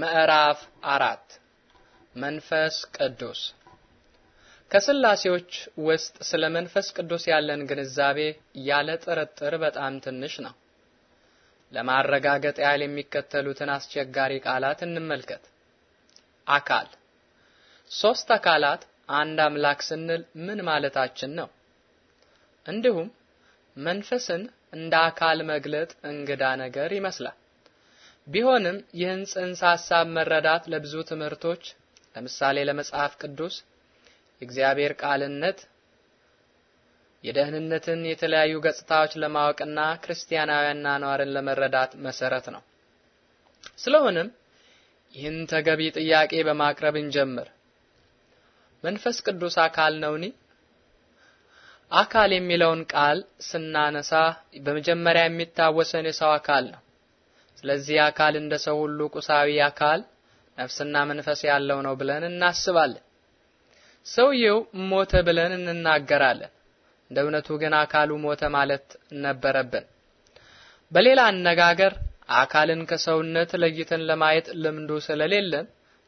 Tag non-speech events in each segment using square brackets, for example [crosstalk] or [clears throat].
ምዕራፍ አራት መንፈስ ቅዱስ ከስላሴዎች ውስጥ ስለ መንፈስ ቅዱስ ያለን ግንዛቤ ያለ ጥርጥር በጣም ትንሽ ነው። ለማረጋገጥ ያህል የሚከተሉትን አስቸጋሪ ቃላት እንመልከት። አካል ሶስት አካላት አንድ አምላክ ስንል ምን ማለታችን ነው? እንዲሁም መንፈስን እንደ አካል መግለጥ እንግዳ ነገር ይመስላል። ቢሆንም ይህን ጽንሰ ሐሳብ መረዳት ለብዙ ትምህርቶች ለምሳሌ ለመጽሐፍ ቅዱስ የእግዚአብሔር ቃልነት የደህንነትን የተለያዩ ገጽታዎች ለማወቅና ክርስቲያናዊ አኗኗርን ለመረዳት መሰረት ነው። ስለሆነም ይህን ተገቢ ጥያቄ በማቅረብ እንጀምር። መንፈስ ቅዱስ አካል ነውኒ? አካል የሚለውን ቃል ስናነሳ በመጀመሪያ የሚታወሰን የሰው አካል ነው። ስለዚህ አካል እንደ ሰው ሁሉ ቁሳዊ አካል ነፍስና መንፈስ ያለው ነው ብለን እናስባለን። ሰውየው ሞተ ብለን እንናገራለን። እንደ እውነቱ ግን አካሉ ሞተ ማለት ነበረብን። በሌላ አነጋገር አካልን ከሰውነት ለይተን ለማየት ልምዱ ስለሌለን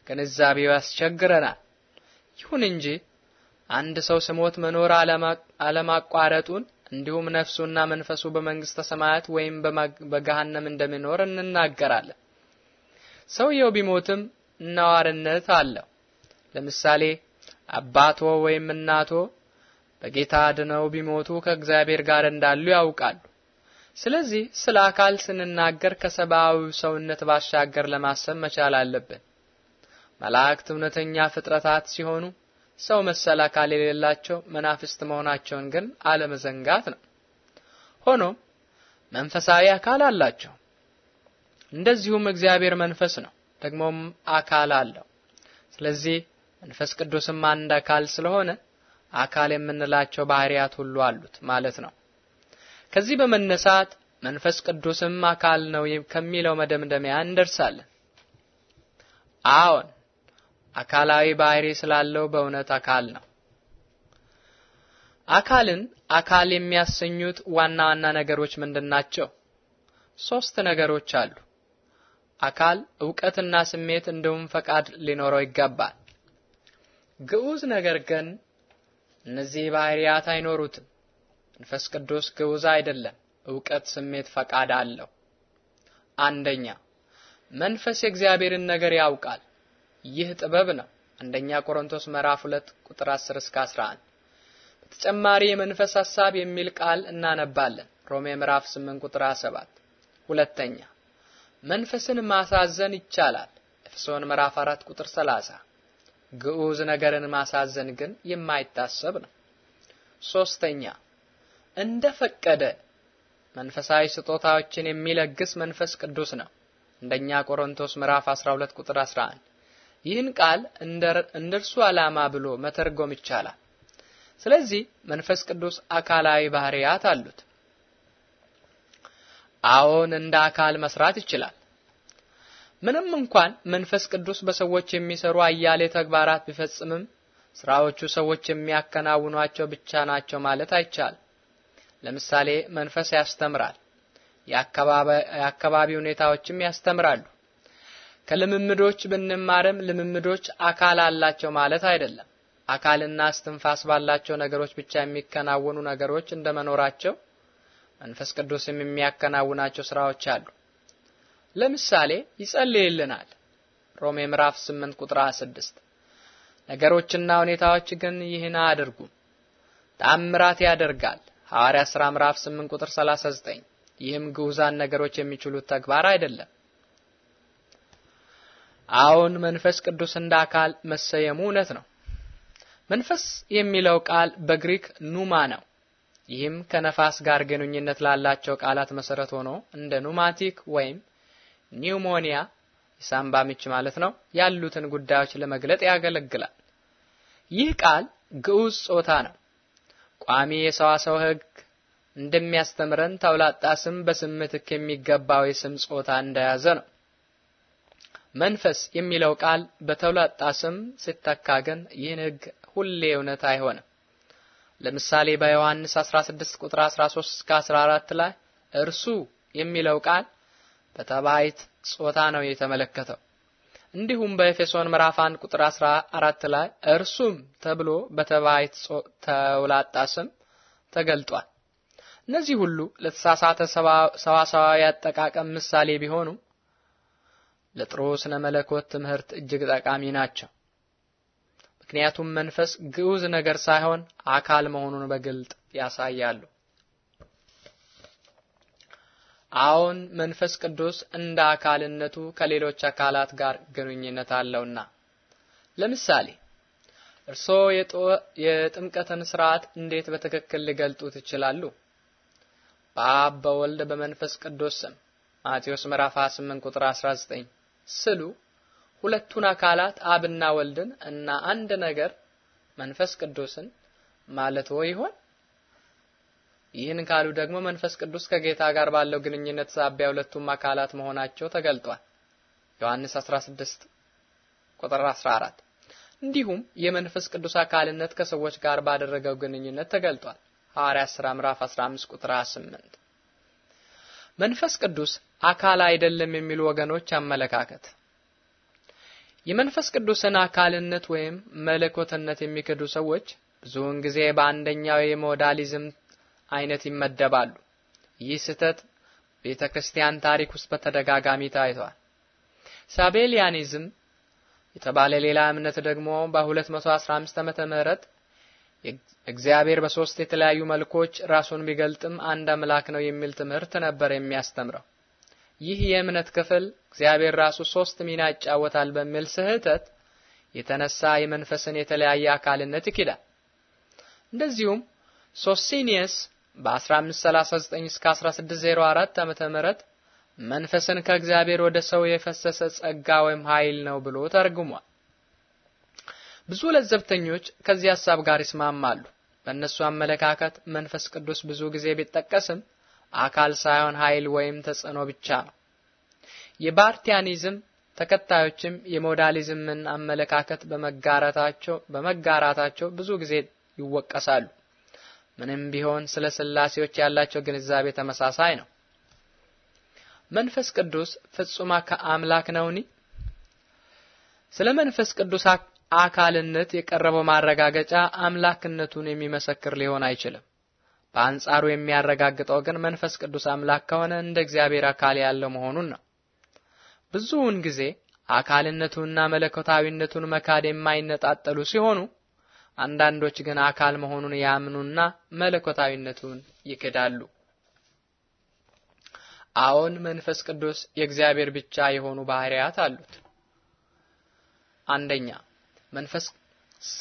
ግንዛቤው ያስቸግረናል። ይሁን እንጂ አንድ ሰው ስሞት መኖር አለማቋረጡን እንዲሁም ነፍሱና መንፈሱ በመንግስተ ሰማያት ወይም በገሃነም እንደሚኖር እንናገራለን። ሰውየው ቢሞትም ነዋርነት አለው። ለምሳሌ አባቶ ወይም እናቶ በጌታ አድነው ቢሞቱ ከእግዚአብሔር ጋር እንዳሉ ያውቃሉ። ስለዚህ ስለ አካል ስንናገር ከሰብአዊ ሰውነት ባሻገር ለማሰብ መቻል አለብን። መላእክት እውነተኛ ፍጥረታት ሲሆኑ ሰው መሰል አካል የሌላቸው መናፍስት መሆናቸውን ግን አለመዘንጋት ነው። ሆኖም መንፈሳዊ አካል አላቸው። እንደዚሁም እግዚአብሔር መንፈስ ነው፣ ደግሞም አካል አለው። ስለዚህ መንፈስ ቅዱስም አንድ አካል ስለሆነ አካል የምንላቸው ባህሪያት ሁሉ አሉት ማለት ነው። ከዚህ በመነሳት መንፈስ ቅዱስም አካል ነው ከሚለው መደምደሚያ እንደርሳለን። አዎን አካላዊ ባህሪ ስላለው በእውነት አካል ነው። አካልን አካል የሚያሰኙት ዋና ዋና ነገሮች ምንድናቸው? ሶስት ነገሮች አሉ። አካል እውቀትና ስሜት እንዲሁም ፈቃድ ሊኖረው ይገባል። ግዑዝ ነገር ግን እነዚህ ባህሪያት አይኖሩትም። መንፈስ ቅዱስ ግዑዝ አይደለም። እውቀት፣ ስሜት፣ ፈቃድ አለው። አንደኛ መንፈስ የእግዚአብሔርን ነገር ያውቃል። ይህ ጥበብ ነው። አንደኛ ቆሮንቶስ ምዕራፍ 2 ቁጥር 10 እስከ 11። በተጨማሪ የመንፈስ ሐሳብ የሚል ቃል እናነባለን። ሮሜ ምዕራፍ 8 ቁጥር 7 ሁለተኛ መንፈስን ማሳዘን ይቻላል። ኤፌሶን ምዕራፍ 4 ቁጥር 30። ግዑዝ ነገርን ማሳዘን ግን የማይታሰብ ነው። ሶስተኛ እንደፈቀደ መንፈሳዊ ስጦታዎችን የሚለግስ መንፈስ ቅዱስ ነው። አንደኛ ቆሮንቶስ ምዕራፍ 12 ቁጥር 11 ይህን ቃል እንደ እርሱ ዓላማ ብሎ መተርጎም ይቻላል። ስለዚህ መንፈስ ቅዱስ አካላዊ ባህሪያት አሉት። አዎን እንደ አካል መስራት ይችላል። ምንም እንኳን መንፈስ ቅዱስ በሰዎች የሚሰሩ አያሌ ተግባራት ቢፈጽምም ስራዎቹ ሰዎች የሚያከናውኗቸው ብቻ ናቸው ማለት አይቻልም። ለምሳሌ መንፈስ ያስተምራል፣ የአካባቢ ሁኔታዎችም ያስተምራሉ። ከልምምዶች ብንማርም ልምምዶች አካል አላቸው ማለት አይደለም። አካልና እስትንፋስ ባላቸው ነገሮች ብቻ የሚከናወኑ ነገሮች እንደመኖራቸው መንፈስ ቅዱስም የሚያከናውናቸው ስራዎች አሉ። ለምሳሌ ይጸልይልናል፣ ሮሜ ምዕራፍ 8 ቁጥር 26። ነገሮችና ሁኔታዎች ግን ይህን አያደርጉም። ታምራት ያደርጋል፣ ሐዋርያ ሥራ ምዕራፍ 8 ቁጥር 39። ይህም ግዑዛን ነገሮች የሚችሉት ተግባር አይደለም። አሁን መንፈስ ቅዱስ እንደ አካል መሰየሙ እውነት ነው። መንፈስ የሚለው ቃል በግሪክ ኑማ ነው። ይህም ከነፋስ ጋር ግንኙነት ላላቸው ቃላት መሰረት ሆኖ እንደ ኑማቲክ ወይም ኒውሞኒያ የሳምባ ምች ማለት ነው ያሉትን ጉዳዮች ለመግለጥ ያገለግላል። ይህ ቃል ግዑዝ ጾታ ነው። ቋሚ የሰዋሰው ሕግ እንደሚያስተምረን ተውላጣ ስም በስምትክ የሚገባው የስም ጾታ እንደያዘ ነው። መንፈስ የሚለው ቃል በተውላጣ ስም ሲተካ ግን ይህን ሕግ ሁሌ እውነት አይሆንም። ለምሳሌ በዮሐንስ 16 ቁጥር 13 እስከ 14 ላይ እርሱ የሚለው ቃል በተባይት ጾታ ነው የተመለከተው። እንዲሁም በኤፌሶን ምዕራፍ 1 ቁጥር 14 ላይ እርሱም ተብሎ በተባይት ተውላጣ ስም ተገልጧል። እነዚህ ሁሉ ለተሳሳተ ሰዋሰዋዊ አጠቃቀም ምሳሌ ቢሆኑም ለጥሩ ስነ መለኮት ትምህርት እጅግ ጠቃሚ ናቸው። ምክንያቱም መንፈስ ግዑዝ ነገር ሳይሆን አካል መሆኑን በግልጥ ያሳያሉ። አሁን መንፈስ ቅዱስ እንደ አካልነቱ ከሌሎች አካላት ጋር ግንኙነት አለውና። ለምሳሌ እርስዎ የጥምቀትን ስርዓት እንዴት በትክክል ሊገልጡት ይችላሉ! በአብ በወልድ በመንፈስ ቅዱስ ስም ማቴዎስ ምዕራፍ 28 ቁጥር 19 ስሉ ሁለቱን አካላት አብና ወልድን እና አንድ ነገር መንፈስ ቅዱስን ማለት ወይ ይሆን? ይህን ካሉ ደግሞ መንፈስ ቅዱስ ከጌታ ጋር ባለው ግንኙነት ሳቢያ ሁለቱም አካላት መሆናቸው ተገልጧል። ዮሐንስ 16 ቁጥር 14። እንዲሁም የመንፈስ ቅዱስ አካልነት ከሰዎች ጋር ባደረገው ግንኙነት ተገልጧል። ሐዋርያት ሥራ ምዕራፍ 15 ቁጥር 8 መንፈስ ቅዱስ አካል አይደለም የሚሉ ወገኖች አመለካከት የመንፈስ ቅዱስን አካልነት ወይም መለኮትነት የሚክዱ ሰዎች ብዙውን ጊዜ በአንደኛው የሞዳሊዝም አይነት ይመደባሉ። ይህ ስህተት ቤተ ክርስቲያን ታሪክ ውስጥ በተደጋጋሚ ታይቷል። ሳቤሊያኒዝም የተባለ ሌላ እምነት ደግሞ በ215 ዓመተ ምህረት እግዚአብሔር በሶስት የተለያዩ መልኮች ራሱን ቢገልጥም አንድ አምላክ ነው የሚል ትምህርት ነበር የሚያስተምረው። ይህ የእምነት ክፍል እግዚአብሔር ራሱ ሶስት ሚና ይጫወታል በሚል ስህተት የተነሳ የመንፈስን የተለያየ አካልነት ይክዳል። እንደዚሁም ሶሲኒየስ በ1539 እስከ 1604 ዓመተ ምህረት መንፈስን ከእግዚአብሔር ወደ ሰው የፈሰሰ ጸጋ ወይም ኃይል ነው ብሎ ተርጉሟል። ብዙ ለዘብተኞች ከዚህ ሐሳብ ጋር ይስማማሉ። በእነሱ አመለካከት መንፈስ ቅዱስ ብዙ ጊዜ ቢጠቀስም አካል ሳይሆን ኃይል ወይም ተጽዕኖ ብቻ ነው። የባርቲያኒዝም ተከታዮችም የሞዳሊዝምን አመለካከት በመጋራታቸው በመጋራታቸው ብዙ ጊዜ ይወቀሳሉ። ምንም ቢሆን ስለ ስላሴዎች ያላቸው ግንዛቤ ተመሳሳይ ነው። መንፈስ ቅዱስ ፍጹም አምላክ ነውኒ? ስለ መንፈስ ቅዱስ አካልነት የቀረበው ማረጋገጫ አምላክነቱን የሚመሰክር ሊሆን አይችልም። በአንጻሩ የሚያረጋግጠው ግን መንፈስ ቅዱስ አምላክ ከሆነ እንደ እግዚአብሔር አካል ያለው መሆኑን ነው። ብዙውን ጊዜ አካልነቱንና መለኮታዊነቱን መካድ የማይነጣጠሉ ሲሆኑ አንዳንዶች ግን አካል መሆኑን ያምኑና መለኮታዊነቱን ይክዳሉ። አዎን መንፈስ ቅዱስ የእግዚአብሔር ብቻ የሆኑ ባህሪያት አሉት። አንደኛ መንፈስ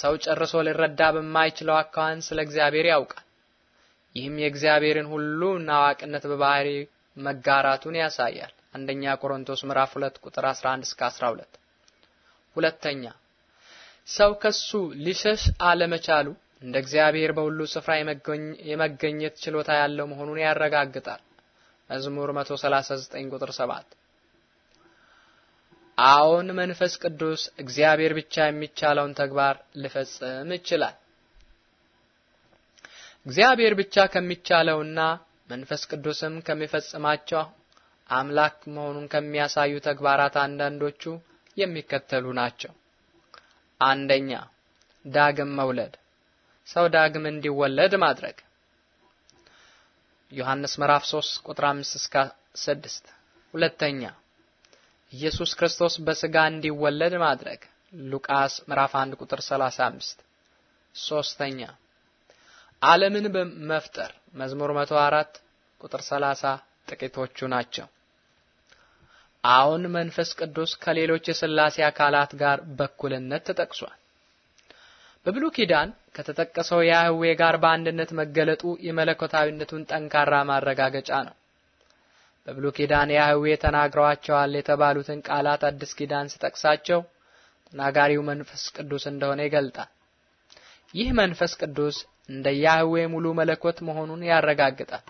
ሰው ጨርሶ ሊረዳ በማይችለው አካን ስለ እግዚአብሔር ያውቃል። ይህም የእግዚአብሔርን ሁሉን አዋቂነት በባህሪ መጋራቱን ያሳያል። አንደኛ ቆሮንቶስ ምዕራፍ 2 ቁጥር 11 እስከ 12። ሁለተኛ ሰው ከሱ ሊሸሽ አለመቻሉ እንደ እግዚአብሔር በሁሉ ስፍራ የመገኘት ችሎታ ያለው መሆኑን ያረጋግጣል። መዝሙር 139 ቁጥር 7። አዎን መንፈስ ቅዱስ እግዚአብሔር ብቻ የሚቻለውን ተግባር ሊፈጽም ይችላል። እግዚአብሔር ብቻ ከሚቻለውና መንፈስ ቅዱስም ከሚፈጽማቸው አምላክ መሆኑን ከሚያሳዩ ተግባራት አንዳንዶቹ የሚከተሉ ናቸው። አንደኛ ዳግም መውለድ፣ ሰው ዳግም እንዲወለድ ማድረግ ዮሐንስ ምዕራፍ 3 ቁጥር 5 እስከ 6። ሁለተኛ ኢየሱስ ክርስቶስ በስጋ እንዲወለድ ማድረግ ሉቃስ ምዕራፍ 1 ቁጥር 35። ሶስተኛ ዓለምን በመፍጠር መዝሙር 104 ቁጥር 30 ጥቂቶቹ ናቸው። አሁን መንፈስ ቅዱስ ከሌሎች የሥላሴ አካላት ጋር በኩልነት ተጠቅሷል። በብሉ ኪዳን ከተጠቀሰው የአህዌ ጋር በአንድነት መገለጡ የመለኮታዊነቱን ጠንካራ ማረጋገጫ ነው። በብሉ ኪዳን ያህዌ ተናግረዋቸዋል የተባሉትን ቃላት አዲስ ኪዳን ስጠቅሳቸው ተናጋሪው መንፈስ ቅዱስ እንደሆነ ይገልጣል። ይህ መንፈስ ቅዱስ እንደ ያህዌ ሙሉ መለኮት መሆኑን ያረጋግጣል።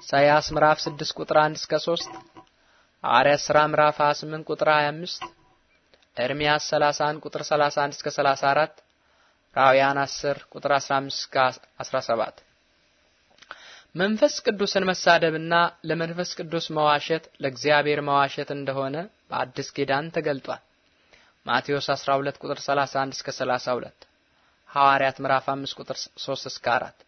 ኢሳይያስ ምዕራፍ 6 ቁጥር 1 እስከ 3፣ ሐዋርያት ሥራ ምዕራፍ 28 ቁጥር 25፣ ኤርምያስ 31 ቁጥር 31 እስከ 34፣ ራውያን 10 ቁጥር 15 እስከ 17። መንፈስ ቅዱስን መሳደብና ለመንፈስ ቅዱስ መዋሸት ለእግዚአብሔር መዋሸት እንደሆነ በአዲስ ኪዳን ተገልጧል። ማቴዎስ 12 ቁጥር 31 እስከ 32 ሐዋርያት ምዕራፍ 5 ቁጥር 3 እስከ 4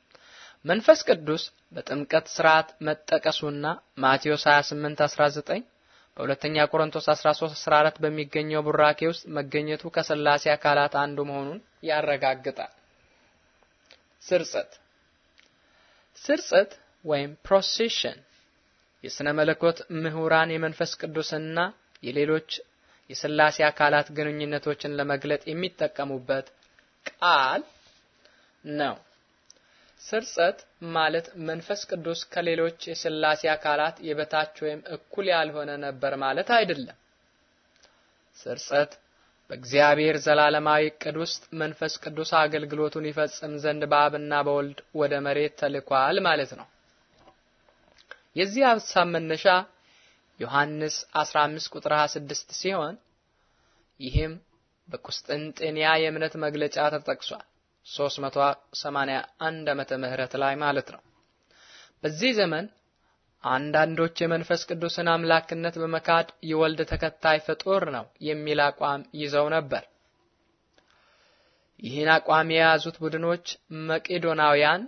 መንፈስ ቅዱስ በጥምቀት ስርዓት መጠቀሱና ማቴዎስ 28 19 በሁለተኛ ቆሮንቶስ 13 14 በሚገኘው ቡራኬ ውስጥ መገኘቱ ከስላሴ አካላት አንዱ መሆኑን ያረጋግጣል። ስርጸት ስርጸት ወይም ፕሮሴሽን የሥነ መለኮት ምሁራን የመንፈስ ቅዱስና የሌሎች የስላሴ አካላት ግንኙነቶችን ለመግለጥ የሚጠቀሙበት ቃል ነው። ስርጸት ማለት መንፈስ ቅዱስ ከሌሎች የሥላሴ አካላት የበታች ወይም እኩል ያልሆነ ነበር ማለት አይደለም። ስርጸት በእግዚአብሔር ዘላለማዊ እቅድ ውስጥ መንፈስ ቅዱስ አገልግሎቱን ይፈጽም ዘንድ በአብና በወልድ ወደ መሬት ተልኳል ማለት ነው። የዚህ ሀሳብ መነሻ ዮሐንስ 15 ቁጥር 26 ሲሆን ይህም በቁስጥንጤንያ የእምነት መግለጫ ተጠቅሷል። 381 ዓመተ ምህረት ላይ ማለት ነው። በዚህ ዘመን አንዳንዶች የመንፈስ ቅዱስን አምላክነት በመካድ የወልድ ተከታይ ፍጡር ነው የሚል አቋም ይዘው ነበር። ይህን አቋም የያዙት ቡድኖች መቄዶናውያን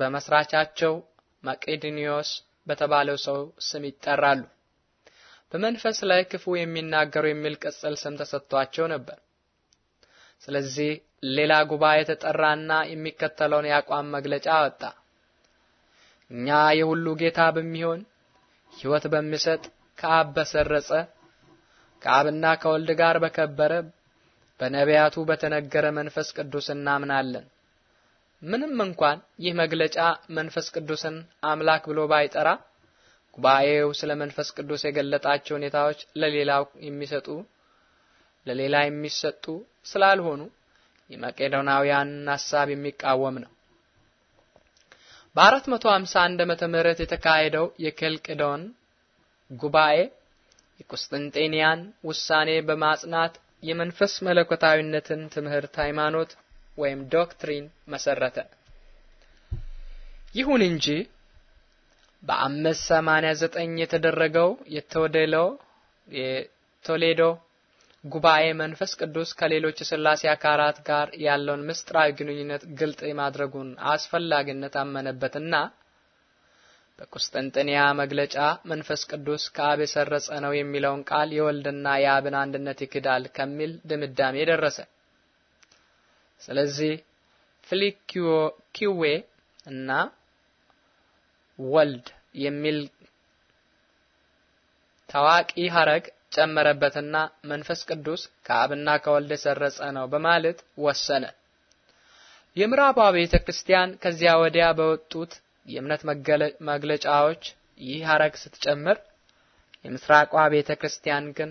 በመስራቻቸው መቄዶኒዮስ በተባለው ሰው ስም ይጠራሉ። በመንፈስ ላይ ክፉ የሚናገሩ የሚል ቅጽል ስም ተሰጥቷቸው ነበር። ስለዚህ ሌላ ጉባኤ የተጠራና የሚከተለውን የአቋም መግለጫ አወጣ። እኛ የሁሉ ጌታ በሚሆን ሕይወት በሚሰጥ ከአብ በሰረጸ ከአብና ከወልድ ጋር በከበረ በነቢያቱ በተነገረ መንፈስ ቅዱስ እናምናለን። ምንም እንኳን ይህ መግለጫ መንፈስ ቅዱስን አምላክ ብሎ ባይጠራ ጉባኤው ስለ መንፈስ ቅዱስ የገለጣቸው ሁኔታዎች ለሌላው የሚሰጡ ለሌላ የሚሰጡ ስላልሆኑ የመቄዶናውያንን ሐሳብ የሚቃወም ነው። በ451 ዓመተ ምህረት የተካሄደው የኬልቅዶን ጉባኤ የቁስጥንጤንያን ውሳኔ በማጽናት የመንፈስ መለኮታዊነትን ትምህርት ሃይማኖት ወይም ዶክትሪን መሰረተ። ይሁን እንጂ በአምስት ሰማንያ ዘጠኝ የተደረገው የቶሌዶ ጉባኤ መንፈስ ቅዱስ ከሌሎች ስላሴ አካላት ጋር ያለውን ምስጢራዊ ግንኙነት ግልጥ የማድረጉን አስፈላጊነት አመነበትና በቁስጥንጥንያ መግለጫ መንፈስ ቅዱስ ከአብ የሰረጸ ነው የሚለውን ቃል የወልድና የአብን አንድነት ይክዳል ከሚል ድምዳሜ ደረሰ። ስለዚህ ኪዌ እና ወልድ የሚል ታዋቂ ሐረግ ጨመረበትና መንፈስ ቅዱስ ከአብና ከወልድ የሰረጸ ነው በማለት ወሰነ። የምዕራባዊ ቤተ ክርስቲያን ከዚያ ወዲያ በወጡት የእምነት መግለጫዎች ይህ ሐረግ ስትጨምር፣ የምስራቋ ቤተ ክርስቲያን ግን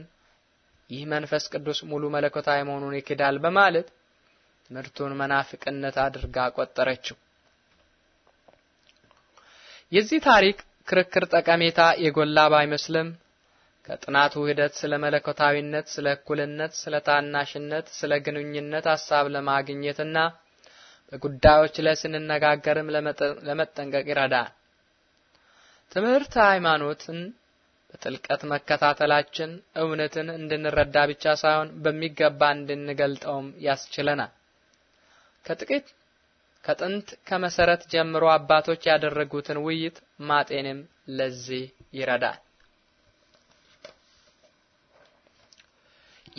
ይህ መንፈስ ቅዱስ ሙሉ መለኮታዊ መሆኑን ይክዳል በማለት ትምህርቱን መናፍቅነት አድርጋ ቆጠረችው። የዚህ ታሪክ ክርክር ጠቀሜታ የጎላ ባይመስልም ከጥናቱ ሂደት ስለ መለኮታዊነት፣ ስለ እኩልነት፣ ስለ ታናሽነት፣ ስለ ግንኙነት ሀሳብ ለማግኘትና በጉዳዮች ላይ ስንነጋገርም ለመጠንቀቅ ይረዳል። ትምህርት ሃይማኖትን በጥልቀት መከታተላችን እውነትን እንድንረዳ ብቻ ሳይሆን በሚገባ እንድንገልጠውም ያስችለናል። ከጥቂት ከጥንት ከመሰረት ጀምሮ አባቶች ያደረጉትን ውይይት ማጤንም ለዚህ ይረዳል።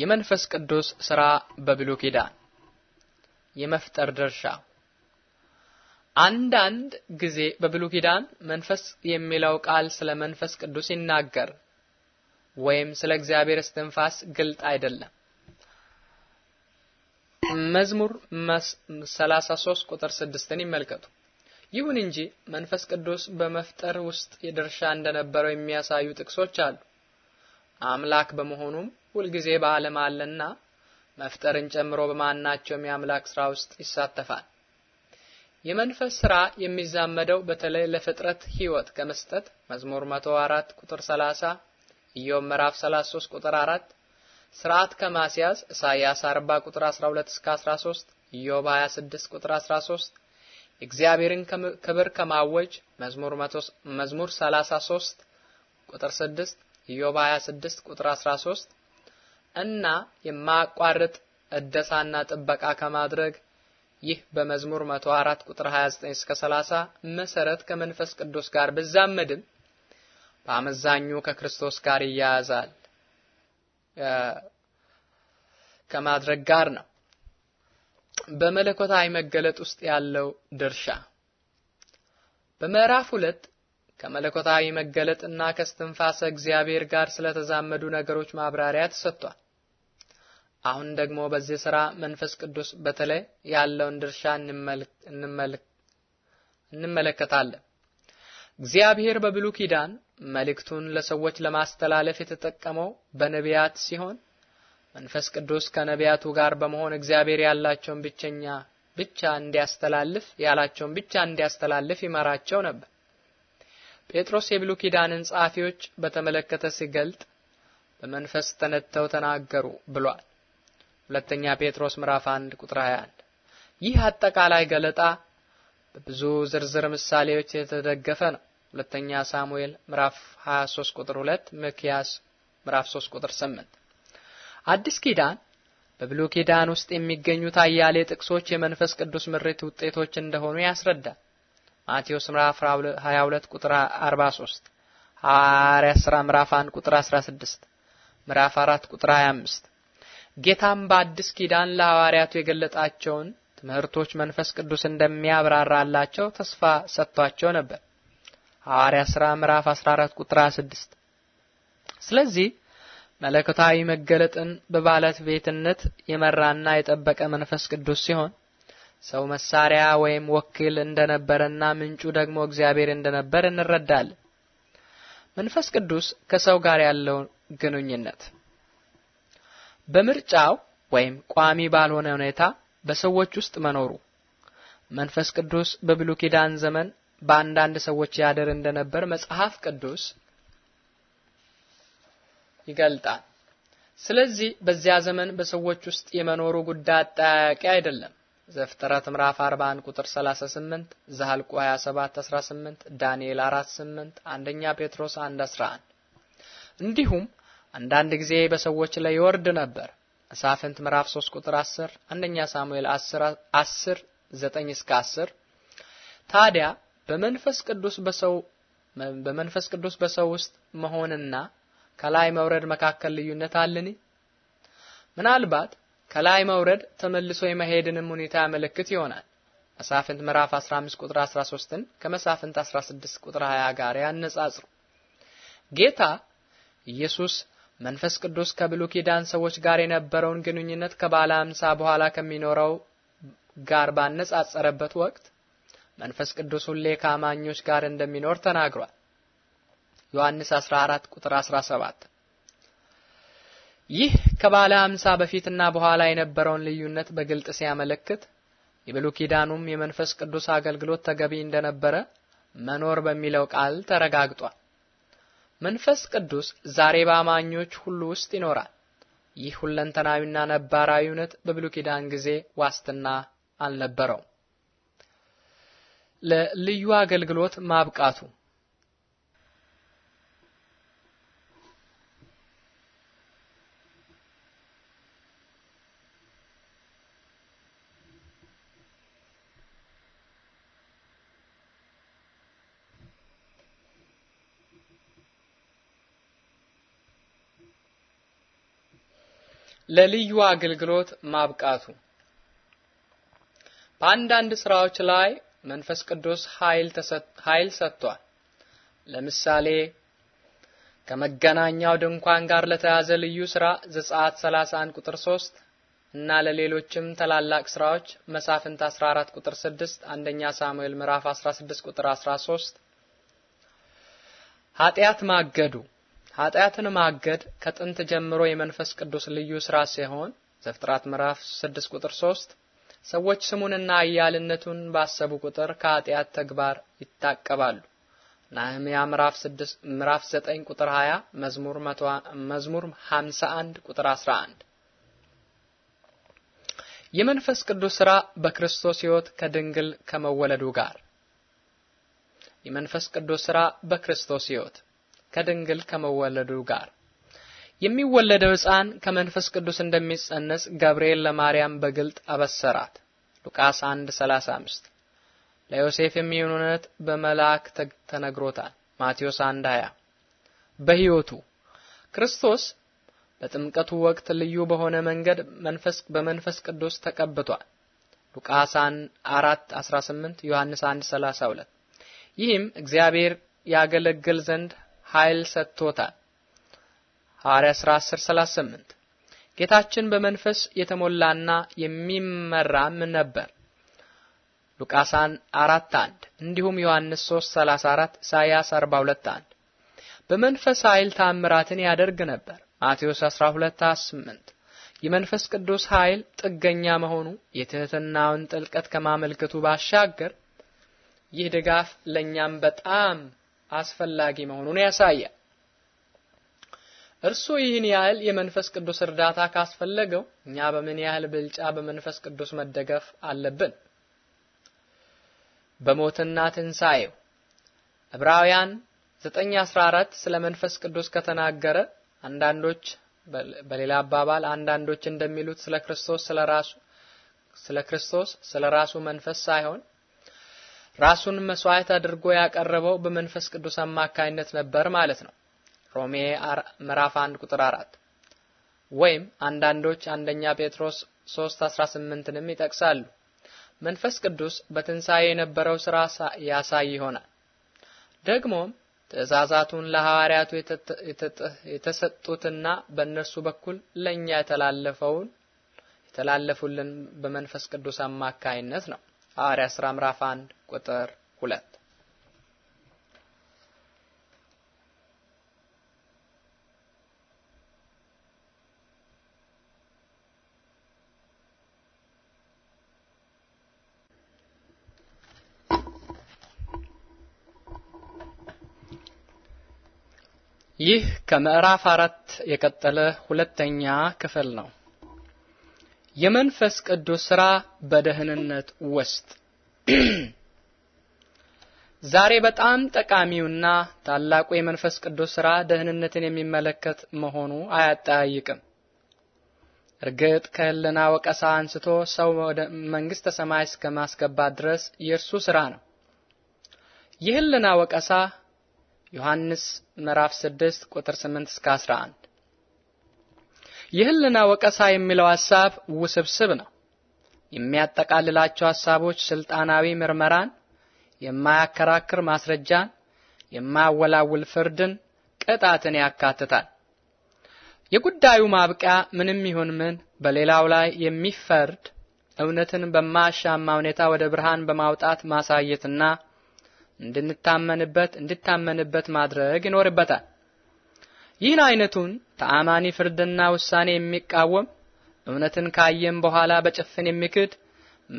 የመንፈስ ቅዱስ ስራ በብሉይ ኪዳን የመፍጠር ድርሻ። አንዳንድ ጊዜ በብሉይ ኪዳን መንፈስ የሚለው ቃል ስለ መንፈስ ቅዱስ ይናገር ወይም ስለ እግዚአብሔር እስትንፋስ ግልጥ አይደለም። መዝሙር 33 ቁጥር 6ን ይመልከቱ። ይሁን እንጂ መንፈስ ቅዱስ በመፍጠር ውስጥ የድርሻ እንደነበረው የሚያሳዩ ጥቅሶች አሉ። አምላክ በመሆኑም ሁልጊዜ በዓለም አለና መፍጠርን ጨምሮ በማናቸውም የአምላክ ስራ ውስጥ ይሳተፋል። የመንፈስ ስራ የሚዛመደው በተለይ ለፍጥረት ህይወት ከመስጠት መዝሙር 104 ቁጥር 30፣ ኢዮብ ምዕራፍ 33 ቁጥር 4 ስርዓት ከማስያዝ ኢሳይያስ 40 ቁጥር 12 እስከ 13፣ ኢዮብ 26 ቁጥር 13፣ እግዚአብሔርን ክብር ከማወጅ መዝሙር 100 መዝሙር 33 ቁጥር 6፣ ኢዮብ 26 ቁጥር 13 እና የማያቋርጥ እደሳና ጥበቃ ከማድረግ ይህ በመዝሙር 104 ቁጥር 29 እስከ 30 መሰረት ከመንፈስ ቅዱስ ጋር ብዛመድም በአመዛኙ ከክርስቶስ ጋር ይያያዛል። ከማድረግ ጋር ነው። በመለኮታዊ መገለጥ ውስጥ ያለው ድርሻ በምዕራፍ ሁለት ከመለኮታዊ መገለጥና ከስትንፋሰ እግዚአብሔር ጋር ስለተዛመዱ ነገሮች ማብራሪያ ተሰጥቷል። አሁን ደግሞ በዚህ ስራ መንፈስ ቅዱስ በተለይ ያለውን ድርሻ እንመለከታለን። እግዚአብሔር በብሉ ኪዳን መልእክቱን ለሰዎች ለማስተላለፍ የተጠቀመው በነቢያት ሲሆን መንፈስ ቅዱስ ከነቢያቱ ጋር በመሆን እግዚአብሔር ያላቸውን ብቸኛ ብቻ እንዲያስተላልፍ ያላቸውን ብቻ እንዲያስተላልፍ ይመራቸው ነበር። ጴጥሮስ የብሉ ኪዳንን ጸሐፊዎች በተመለከተ ሲገልጥ በመንፈስ ተነተው ተናገሩ ብሏል። ሁለተኛ ጴጥሮስ ምዕራፍ 1 ቁጥር 21። ይህ አጠቃላይ ገለጣ በብዙ ዝርዝር ምሳሌዎች የተደገፈ ነው። ሁለተኛ ሳሙኤል ምዕራፍ 23 ቁጥር 2፣ ሚክያስ ምዕራፍ 3 ቁጥር 8። አዲስ ኪዳን በብሉይ ኪዳን ውስጥ የሚገኙት አያሌ ጥቅሶች የመንፈስ ቅዱስ ምሪት ውጤቶች እንደሆኑ ያስረዳል። ማቴዎስ ምዕራፍ 22 ቁጥር 43፣ ሐዋርያት ሥራ ምዕራፍ 1 ቁጥር 16፣ ምዕራፍ 4 ቁጥር 25። ጌታም በአዲስ ኪዳን ለሐዋርያቱ የገለጣቸውን ትምህርቶች መንፈስ ቅዱስ እንደሚያብራራላቸው ተስፋ ሰጥቷቸው ነበር። ሐዋርያ ሥራ ምዕራፍ 14 ቁጥር 26። ስለዚህ መለኮታዊ መገለጥን በባለት ቤትነት የመራና የጠበቀ መንፈስ ቅዱስ ሲሆን ሰው መሳሪያ ወይም ወኪል እንደነበረና ምንጩ ደግሞ እግዚአብሔር እንደነበር እንረዳለን። መንፈስ ቅዱስ ከሰው ጋር ያለው ግንኙነት በምርጫው ወይም ቋሚ ባልሆነ ሁኔታ በሰዎች ውስጥ መኖሩ መንፈስ ቅዱስ በብሉይ ኪዳን ዘመን በአንዳንድ ሰዎች ያደር እንደነበር መጽሐፍ ቅዱስ ይገልጣል። ስለዚህ በዚያ ዘመን በሰዎች ውስጥ የመኖሩ ጉዳይ አጠያያቂ አይደለም። ዘፍጥረት ምዕራፍ 41 ቁጥር 38፣ ዘኍልቍ 27 18፣ ዳንኤል 4 8፣ አንደኛ ጴጥሮስ 1 11። እንዲሁም አንዳንድ ጊዜ በሰዎች ላይ ይወርድ ነበር። መሳፍንት ምዕራፍ 3 ቁጥር 10፣ አንደኛ ሳሙኤል 10 10 9 እስከ 10። ታዲያ በመንፈስ ቅዱስ በሰው በመንፈስ ቅዱስ በሰው ውስጥ መሆንና ከላይ መውረድ መካከል ልዩነት አለን? ምናልባት ከላይ መውረድ ተመልሶ የመሄድንም ሁኔታ ያመለክት ይሆናል። መሳፍንት ምዕራፍ 15 ቁጥር 13ን ከመሳፍንት 16 ቁጥር 20 ጋር ያነጻጽሩ። ጌታ ኢየሱስ መንፈስ ቅዱስ ከብሉይ ኪዳን ሰዎች ጋር የነበረውን ግንኙነት ከባለ አምሳ በኋላ ከሚኖረው ጋር ባነጻጸረበት ወቅት መንፈስ ቅዱስ ሁሌ ከአማኞች ጋር እንደሚኖር ተናግሯል። ዮሐንስ 14 ቁጥር 17። ይህ ከባለ አምሳ በፊትና በኋላ የነበረውን ልዩነት በግልጥ ሲያመለክት የብሉይ ኪዳኑም የመንፈስ ቅዱስ አገልግሎት ተገቢ እንደነበረ መኖር በሚለው ቃል ተረጋግጧል። መንፈስ ቅዱስ ዛሬ በአማኞች ሁሉ ውስጥ ይኖራል። ይህ ሁለንተናዊና ነባራዊ እውነት በብሉይ ኪዳን ጊዜ ዋስትና አልነበረውም። ለልዩ አገልግሎት ማብቃቱ ለልዩ አገልግሎት ማብቃቱ በአንዳንድ ስራዎች ላይ መንፈስ ቅዱስ ኃይል ሰጥቷል። ለምሳሌ ከመገናኛው ድንኳን ጋር ለተያዘ ልዩ ስራ ዘጸአት 31 ቁጥር 3 እና ለሌሎችም ታላላቅ ስራዎች መሳፍንት 14 ቁጥር 6 አንደኛ ሳሙኤል ምዕራፍ 16 ቁጥር 13 ኃጢአት ማገዱ ኃጢአትን ማገድ ከጥንት ጀምሮ የመንፈስ ቅዱስ ልዩ ስራ ሲሆን ዘፍጥረት ምዕራፍ 6 ቁጥር 3 ሰዎች ስሙንና አያልነቱን ባሰቡ ቁጥር ከኃጢአት ተግባር ይታቀባሉ። ናህምያ ምዕራፍ 6 ምዕራፍ 9 ቁጥር 20 መዝሙር 100 መዝሙር 51 ቁጥር 11 የመንፈስ ቅዱስ ሥራ በክርስቶስ ሕይወት ከድንግል ከመወለዱ ጋር የመንፈስ ቅዱስ ሥራ በክርስቶስ ሕይወት ከድንግል ከመወለዱ ጋር የሚወለደው ሕፃን ከመንፈስ ቅዱስ እንደሚጸነስ ገብርኤል ለማርያም በግልጥ አበሰራት። ሉቃስ 1:35 ለዮሴፍ የሚሆን እውነት በመልአክ ተነግሮታል። ማቴዎስ 1:20 በሕይወቱ ክርስቶስ በጥምቀቱ ወቅት ልዩ በሆነ መንገድ መንፈስ በመንፈስ ቅዱስ ተቀብቷል። ሉቃስ 4:18 ዮሐንስ 1:32 ይህም እግዚአብሔር ያገለግል ዘንድ ኃይል ሰጥቶታል። ሐዋርያ ሥራ 10 38 ጌታችን በመንፈስ የተሞላና የሚመራም ነበር። ሉቃስ 4 1 እንዲሁም ዮሐንስ 3 34 ኢሳይያስ 42 1 በመንፈስ ኃይል ታምራትን ያደርግ ነበር። ማቴዎስ 12 8 የመንፈስ ቅዱስ ኃይል ጥገኛ መሆኑ የትህትናውን ጥልቀት ከማመልከቱ ባሻገር ይህ ድጋፍ ለእኛም በጣም አስፈላጊ መሆኑን ያሳያል። እርሱ ይህን ያህል የመንፈስ ቅዱስ እርዳታ ካስፈለገው እኛ በምን ያህል ብልጫ በመንፈስ ቅዱስ መደገፍ አለብን? በሞትና ትንሳኤው ዕብራውያን 9:14 ስለ መንፈስ ቅዱስ ከተናገረ አንዳንዶች በሌላ አባባል አንዳንዶች እንደሚሉት ስለ ክርስቶስ ስለ ራሱ ስለ ክርስቶስ ስለ ራሱ መንፈስ ሳይሆን ራሱን መስዋዕት አድርጎ ያቀረበው በመንፈስ ቅዱስ አማካይነት ነበር ማለት ነው። ሮሜ ምዕራፍ 1 ቁጥር 4 ወይም አንዳንዶች አንደኛ ጴጥሮስ 3:18ንም ይጠቅሳሉ። መንፈስ ቅዱስ በትንሣኤ የነበረው ሥራ ያሳይ ይሆናል። ደግሞም ትእዛዛቱን ለሐዋርያቱ የተሰጡትና በእነርሱ በኩል ለእኛ የተላለፈውን የተላለፉልን በመንፈስ ቅዱስ አማካይነት ነው። ሐዋርያ ሥራ ምዕራፍ 1 ቁጥር 2 ይህ ከምዕራፍ አራት የቀጠለ ሁለተኛ ክፍል ነው። የመንፈስ ቅዱስ ሥራ በደህንነት ውስጥ [clears throat] ዛሬ በጣም ጠቃሚውና ታላቁ የመንፈስ ቅዱስ ሥራ ደህንነትን የሚመለከት መሆኑ አያጠያይቅም። እርግጥ ከህልና ወቀሳ አንስቶ ሰው ወደ መንግሥተ ሰማይ እስከ ማስገባት ድረስ የእርሱ ሥራ ነው። የህልና ወቀሳ ዮሐንስ ምዕራፍ 6 ቁጥር 8 እስከ 11። የህልና ወቀሳ የሚለው ሐሳብ ውስብስብ ነው። የሚያጠቃልላቸው ሐሳቦች ስልጣናዊ ምርመራን፣ የማያከራክር ማስረጃን፣ የማያወላውል ፍርድን፣ ቅጣትን ያካትታል። የጉዳዩ ማብቂያ ምንም ይሁን ምን በሌላው ላይ የሚፈርድ እውነትን በማያሻማ ሁኔታ ወደ ብርሃን በማውጣት ማሳየትና እንድንታመንበት እንድታመንበት ማድረግ ይኖርበታል። ይህን አይነቱን ተአማኒ ፍርድና ውሳኔ የሚቃወም እውነትን ካየም በኋላ በጭፍን የሚክድ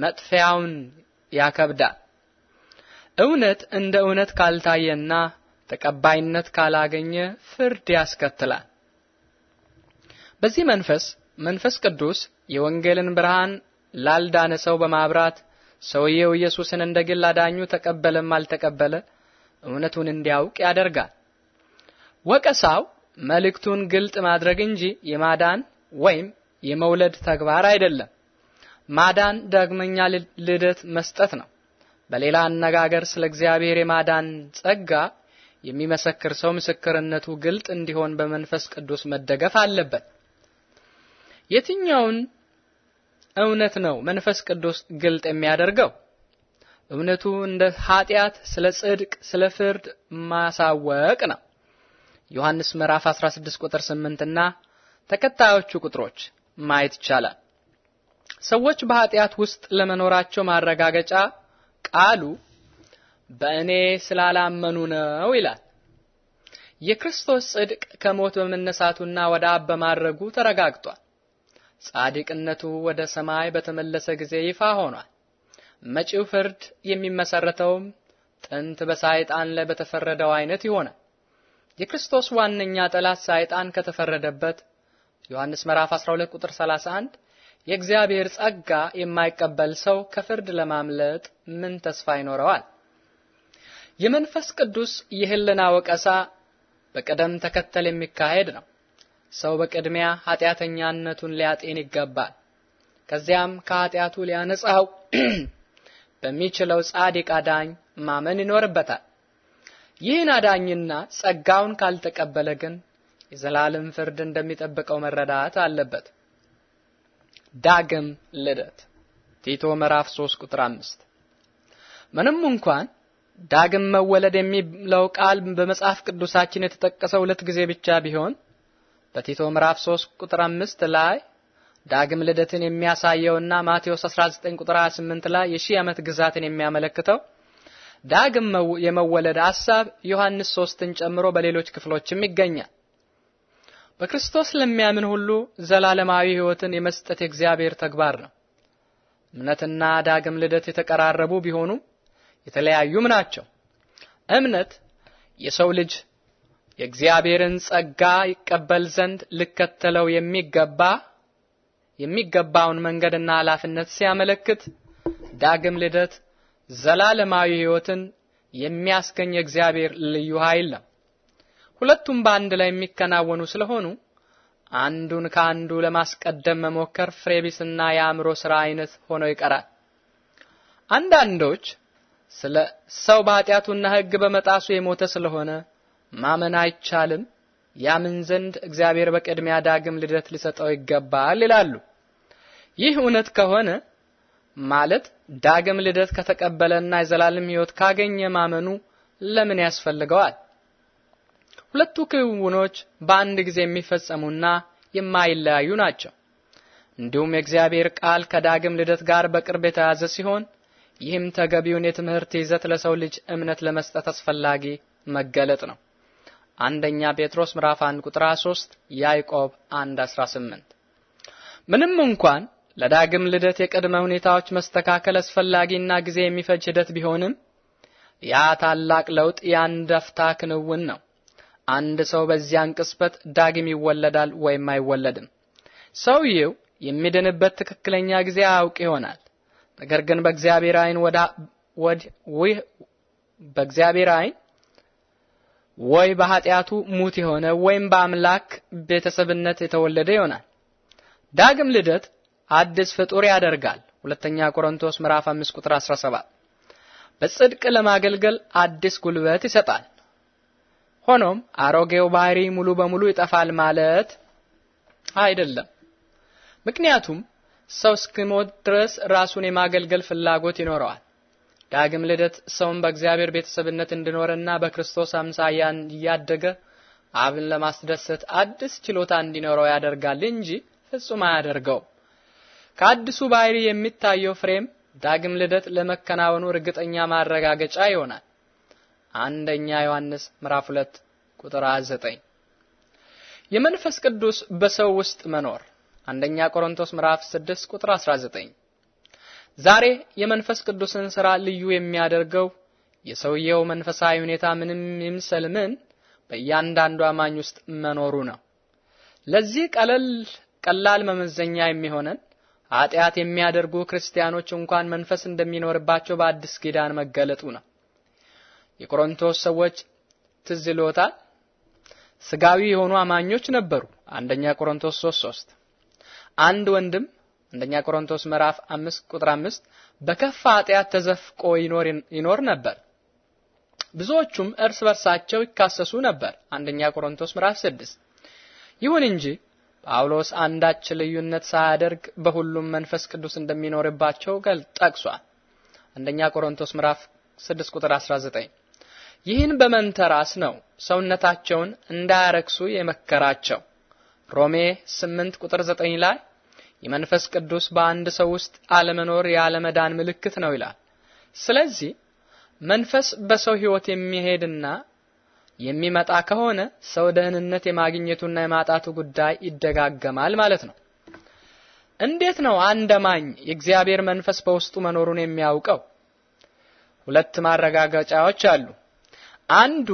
መጥፊያውን ያከብዳል። እውነት እንደ እውነት ካልታየና ተቀባይነት ካላገኘ ፍርድ ያስከትላል። በዚህ መንፈስ መንፈስ ቅዱስ የወንጌልን ብርሃን ላልዳነ ሰው በማብራት ሰውየው ኢየሱስን እንደ ግል አዳኙ ተቀበለም አልተቀበለ እውነቱን እንዲያውቅ ያደርጋል። ወቀሳው መልእክቱን ግልጥ ማድረግ እንጂ የማዳን ወይም የመውለድ ተግባር አይደለም። ማዳን ዳግመኛ ልደት መስጠት ነው። በሌላ አነጋገር ስለ እግዚአብሔር የማዳን ጸጋ የሚመሰክር ሰው ምስክርነቱ ግልጥ እንዲሆን በመንፈስ ቅዱስ መደገፍ አለበት። የትኛውን እውነት ነው መንፈስ ቅዱስ ግልጥ የሚያደርገው። እውነቱ እንደ ኃጢአት፣ ስለ ጽድቅ፣ ስለ ፍርድ ማሳወቅ ነው። ዮሐንስ ምዕራፍ 16 ቁጥር 8 እና ተከታዮቹ ቁጥሮች ማየት ይቻላል። ሰዎች በኃጢአት ውስጥ ለመኖራቸው ማረጋገጫ ቃሉ በእኔ ስላላመኑ ነው ይላል። የክርስቶስ ጽድቅ ከሞት በመነሳቱና ወደ አብ በማድረጉ ተረጋግጧል። ጻድቅነቱ ወደ ሰማይ በተመለሰ ጊዜ ይፋ ሆኗል። መጪው ፍርድ የሚመሰረተውም ጥንት በሳይጣን ላይ በተፈረደው አይነት ይሆናል። የክርስቶስ ዋነኛ ጠላት ሳይጣን ከተፈረደበት ዮሐንስ ምዕራፍ 12 ቁጥር 31 የእግዚአብሔር ጸጋ የማይቀበል ሰው ከፍርድ ለማምለጥ ምን ተስፋ ይኖረዋል? የመንፈስ ቅዱስ የህልና ወቀሳ በቅደም ተከተል የሚካሄድ ነው። ሰው በቅድሚያ ኃጢአተኛነቱን ሊያጤን ይገባል። ከዚያም ከኃጢአቱ ሊያነጻው [clears throat] በሚችለው ጻድቅ አዳኝ ማመን ይኖርበታል። ይህን አዳኝና ጸጋውን ካልተቀበለ ግን የዘላለም ፍርድ እንደሚጠብቀው መረዳት አለበት። ዳግም ልደት ቲቶ ምዕራፍ 3 ቁጥር 5 ምንም እንኳን ዳግም መወለድ የሚለው ቃል በመጽሐፍ ቅዱሳችን የተጠቀሰው ሁለት ጊዜ ብቻ ቢሆን በቲቶ ምዕራፍ 3 ቁጥር 5 ላይ ዳግም ልደትን የሚያሳየውና ማቴዎስ 19 ቁጥር 28 ላይ የሺህ ዓመት ግዛትን የሚያመለክተው ዳግም የመወለድ ሐሳብ ዮሐንስ 3ን ጨምሮ በሌሎች ክፍሎችም ይገኛል። በክርስቶስ ለሚያምን ሁሉ ዘላለማዊ ሕይወትን የመስጠት የእግዚአብሔር ተግባር ነው። እምነትና ዳግም ልደት የተቀራረቡ ቢሆኑም የተለያዩም ናቸው። እምነት የሰው ልጅ የእግዚአብሔርን ጸጋ ይቀበል ዘንድ ልከተለው የሚገባ የሚገባውን መንገድና ኃላፊነት ሲያመለክት ዳግም ልደት ዘላለማዊ ሕይወትን የሚያስገኝ የእግዚአብሔር ልዩ ኃይል ነው። ሁለቱም በአንድ ላይ የሚከናወኑ ስለሆኑ አንዱን ከአንዱ ለማስቀደም መሞከር ፍሬቢስና የአእምሮ ስራ አይነት ሆኖ ይቀራል። አንዳንዶች ስለ ሰው በኃጢአቱና ሕግ በመጣሱ የሞተ ስለሆነ ማመን አይቻልም ያምን ዘንድ እግዚአብሔር በቅድሚያ ዳግም ልደት ሊሰጠው ይገባል ይላሉ። ይህ እውነት ከሆነ ማለት ዳግም ልደት ከተቀበለና የዘላለም ሕይወት ካገኘ ማመኑ ለምን ያስፈልገዋል? ሁለቱ ክውኖች በአንድ ጊዜ የሚፈጸሙና የማይለያዩ ናቸው። እንዲሁም የእግዚአብሔር ቃል ከዳግም ልደት ጋር በቅርብ የተያዘ ሲሆን ይህም ተገቢውን የትምህርት ይዘት ለሰው ልጅ እምነት ለመስጠት አስፈላጊ መገለጥ ነው። አንደኛ ጴጥሮስ ምዕራፍ 1 ቁጥር 3 ያዕቆብ 1 18። ምንም እንኳን ለዳግም ልደት የቅድመ ሁኔታዎች መስተካከል አስፈላጊና ጊዜ የሚፈጅ ሂደት ቢሆንም ያ ታላቅ ለውጥ የአንድ ክንውን ነው። አንድ ሰው በዚያን ቅጽበት ዳግም ይወለዳል ወይም አይወለድም። ሰውየው የሚድንበት ትክክለኛ ጊዜ አያውቅ ይሆናል። ነገር ግን በእግዚአብሔር ዓይን ወዳ ወድ በእግዚአብሔር ዓይን ወይ በኃጢአቱ ሙት የሆነ ወይም በአምላክ ቤተሰብነት የተወለደ ይሆናል። ዳግም ልደት አዲስ ፍጡር ያደርጋል። ሁለተኛ ቆሮንቶስ ምዕራፍ 5 ቁጥር 17 በጽድቅ ለማገልገል አዲስ ጉልበት ይሰጣል። ሆኖም አሮጌው ባህሪ ሙሉ በሙሉ ይጠፋል ማለት አይደለም። ምክንያቱም ሰው እስኪሞት ድረስ ራሱን የማገልገል ፍላጎት ይኖረዋል። ዳግም ልደት ሰውን በእግዚአብሔር ቤተሰብነት እንዲኖርና በክርስቶስ አምሳያ እያደገ አብን ለማስደሰት አዲስ ችሎታ እንዲኖረው ያደርጋል እንጂ ፍጹም አያደርገው። ከአዲሱ ባህሪ የሚታየው ፍሬም ዳግም ልደት ለመከናወኑ እርግጠኛ ማረጋገጫ ይሆናል። አንደኛ ዮሐንስ ምዕራፍ 2 ቁጥር 29። የመንፈስ ቅዱስ በሰው ውስጥ መኖር አንደኛ ቆሮንቶስ ምዕራፍ 6 ቁጥር 19። ዛሬ የመንፈስ ቅዱስን ሥራ ልዩ የሚያደርገው የሰውየው መንፈሳዊ ሁኔታ ምንም ይምሰል ምን በእያንዳንዱ አማኝ ውስጥ መኖሩ ነው። ለዚህ ቀለል ቀላል መመዘኛ የሚሆነን ኃጢአት የሚያደርጉ ክርስቲያኖች እንኳን መንፈስ እንደሚኖርባቸው በአዲስ ኪዳን መገለጡ ነው። የቆሮንቶስ ሰዎች ትዝ ይሎታል። ስጋዊ የሆኑ አማኞች ነበሩ። አንደኛ ቆሮንቶስ 3:3 አንድ ወንድም አንደኛ ቆሮንቶስ ምዕራፍ 5 ቁጥር 5 በከፋ ኃጢአት ተዘፍቆ ይኖር ይኖር ነበር። ብዙዎቹም እርስ በርሳቸው ይካሰሱ ነበር። አንደኛ ቆሮንቶስ ምዕራፍ 6 ይሁን እንጂ ጳውሎስ አንዳች ልዩነት ሳያደርግ በሁሉም መንፈስ ቅዱስ እንደሚኖርባቸው ጠቅሷል። አንደኛ ቆሮንቶስ ምዕራፍ 6 ቁጥር 19 ይህን በመንተራስ ነው ሰውነታቸውን እንዳያረክሱ የመከራቸው ሮሜ 8 ቁጥር 9 ላይ የመንፈስ ቅዱስ በአንድ ሰው ውስጥ አለመኖር የአለመዳን ምልክት ነው ይላል። ስለዚህ መንፈስ በሰው ህይወት የሚሄድና የሚመጣ ከሆነ ሰው ደህንነት የማግኘቱና የማጣቱ ጉዳይ ይደጋገማል ማለት ነው። እንዴት ነው አንድ አማኝ የእግዚአብሔር መንፈስ በውስጡ መኖሩን የሚያውቀው? ሁለት ማረጋገጫዎች አሉ። አንዱ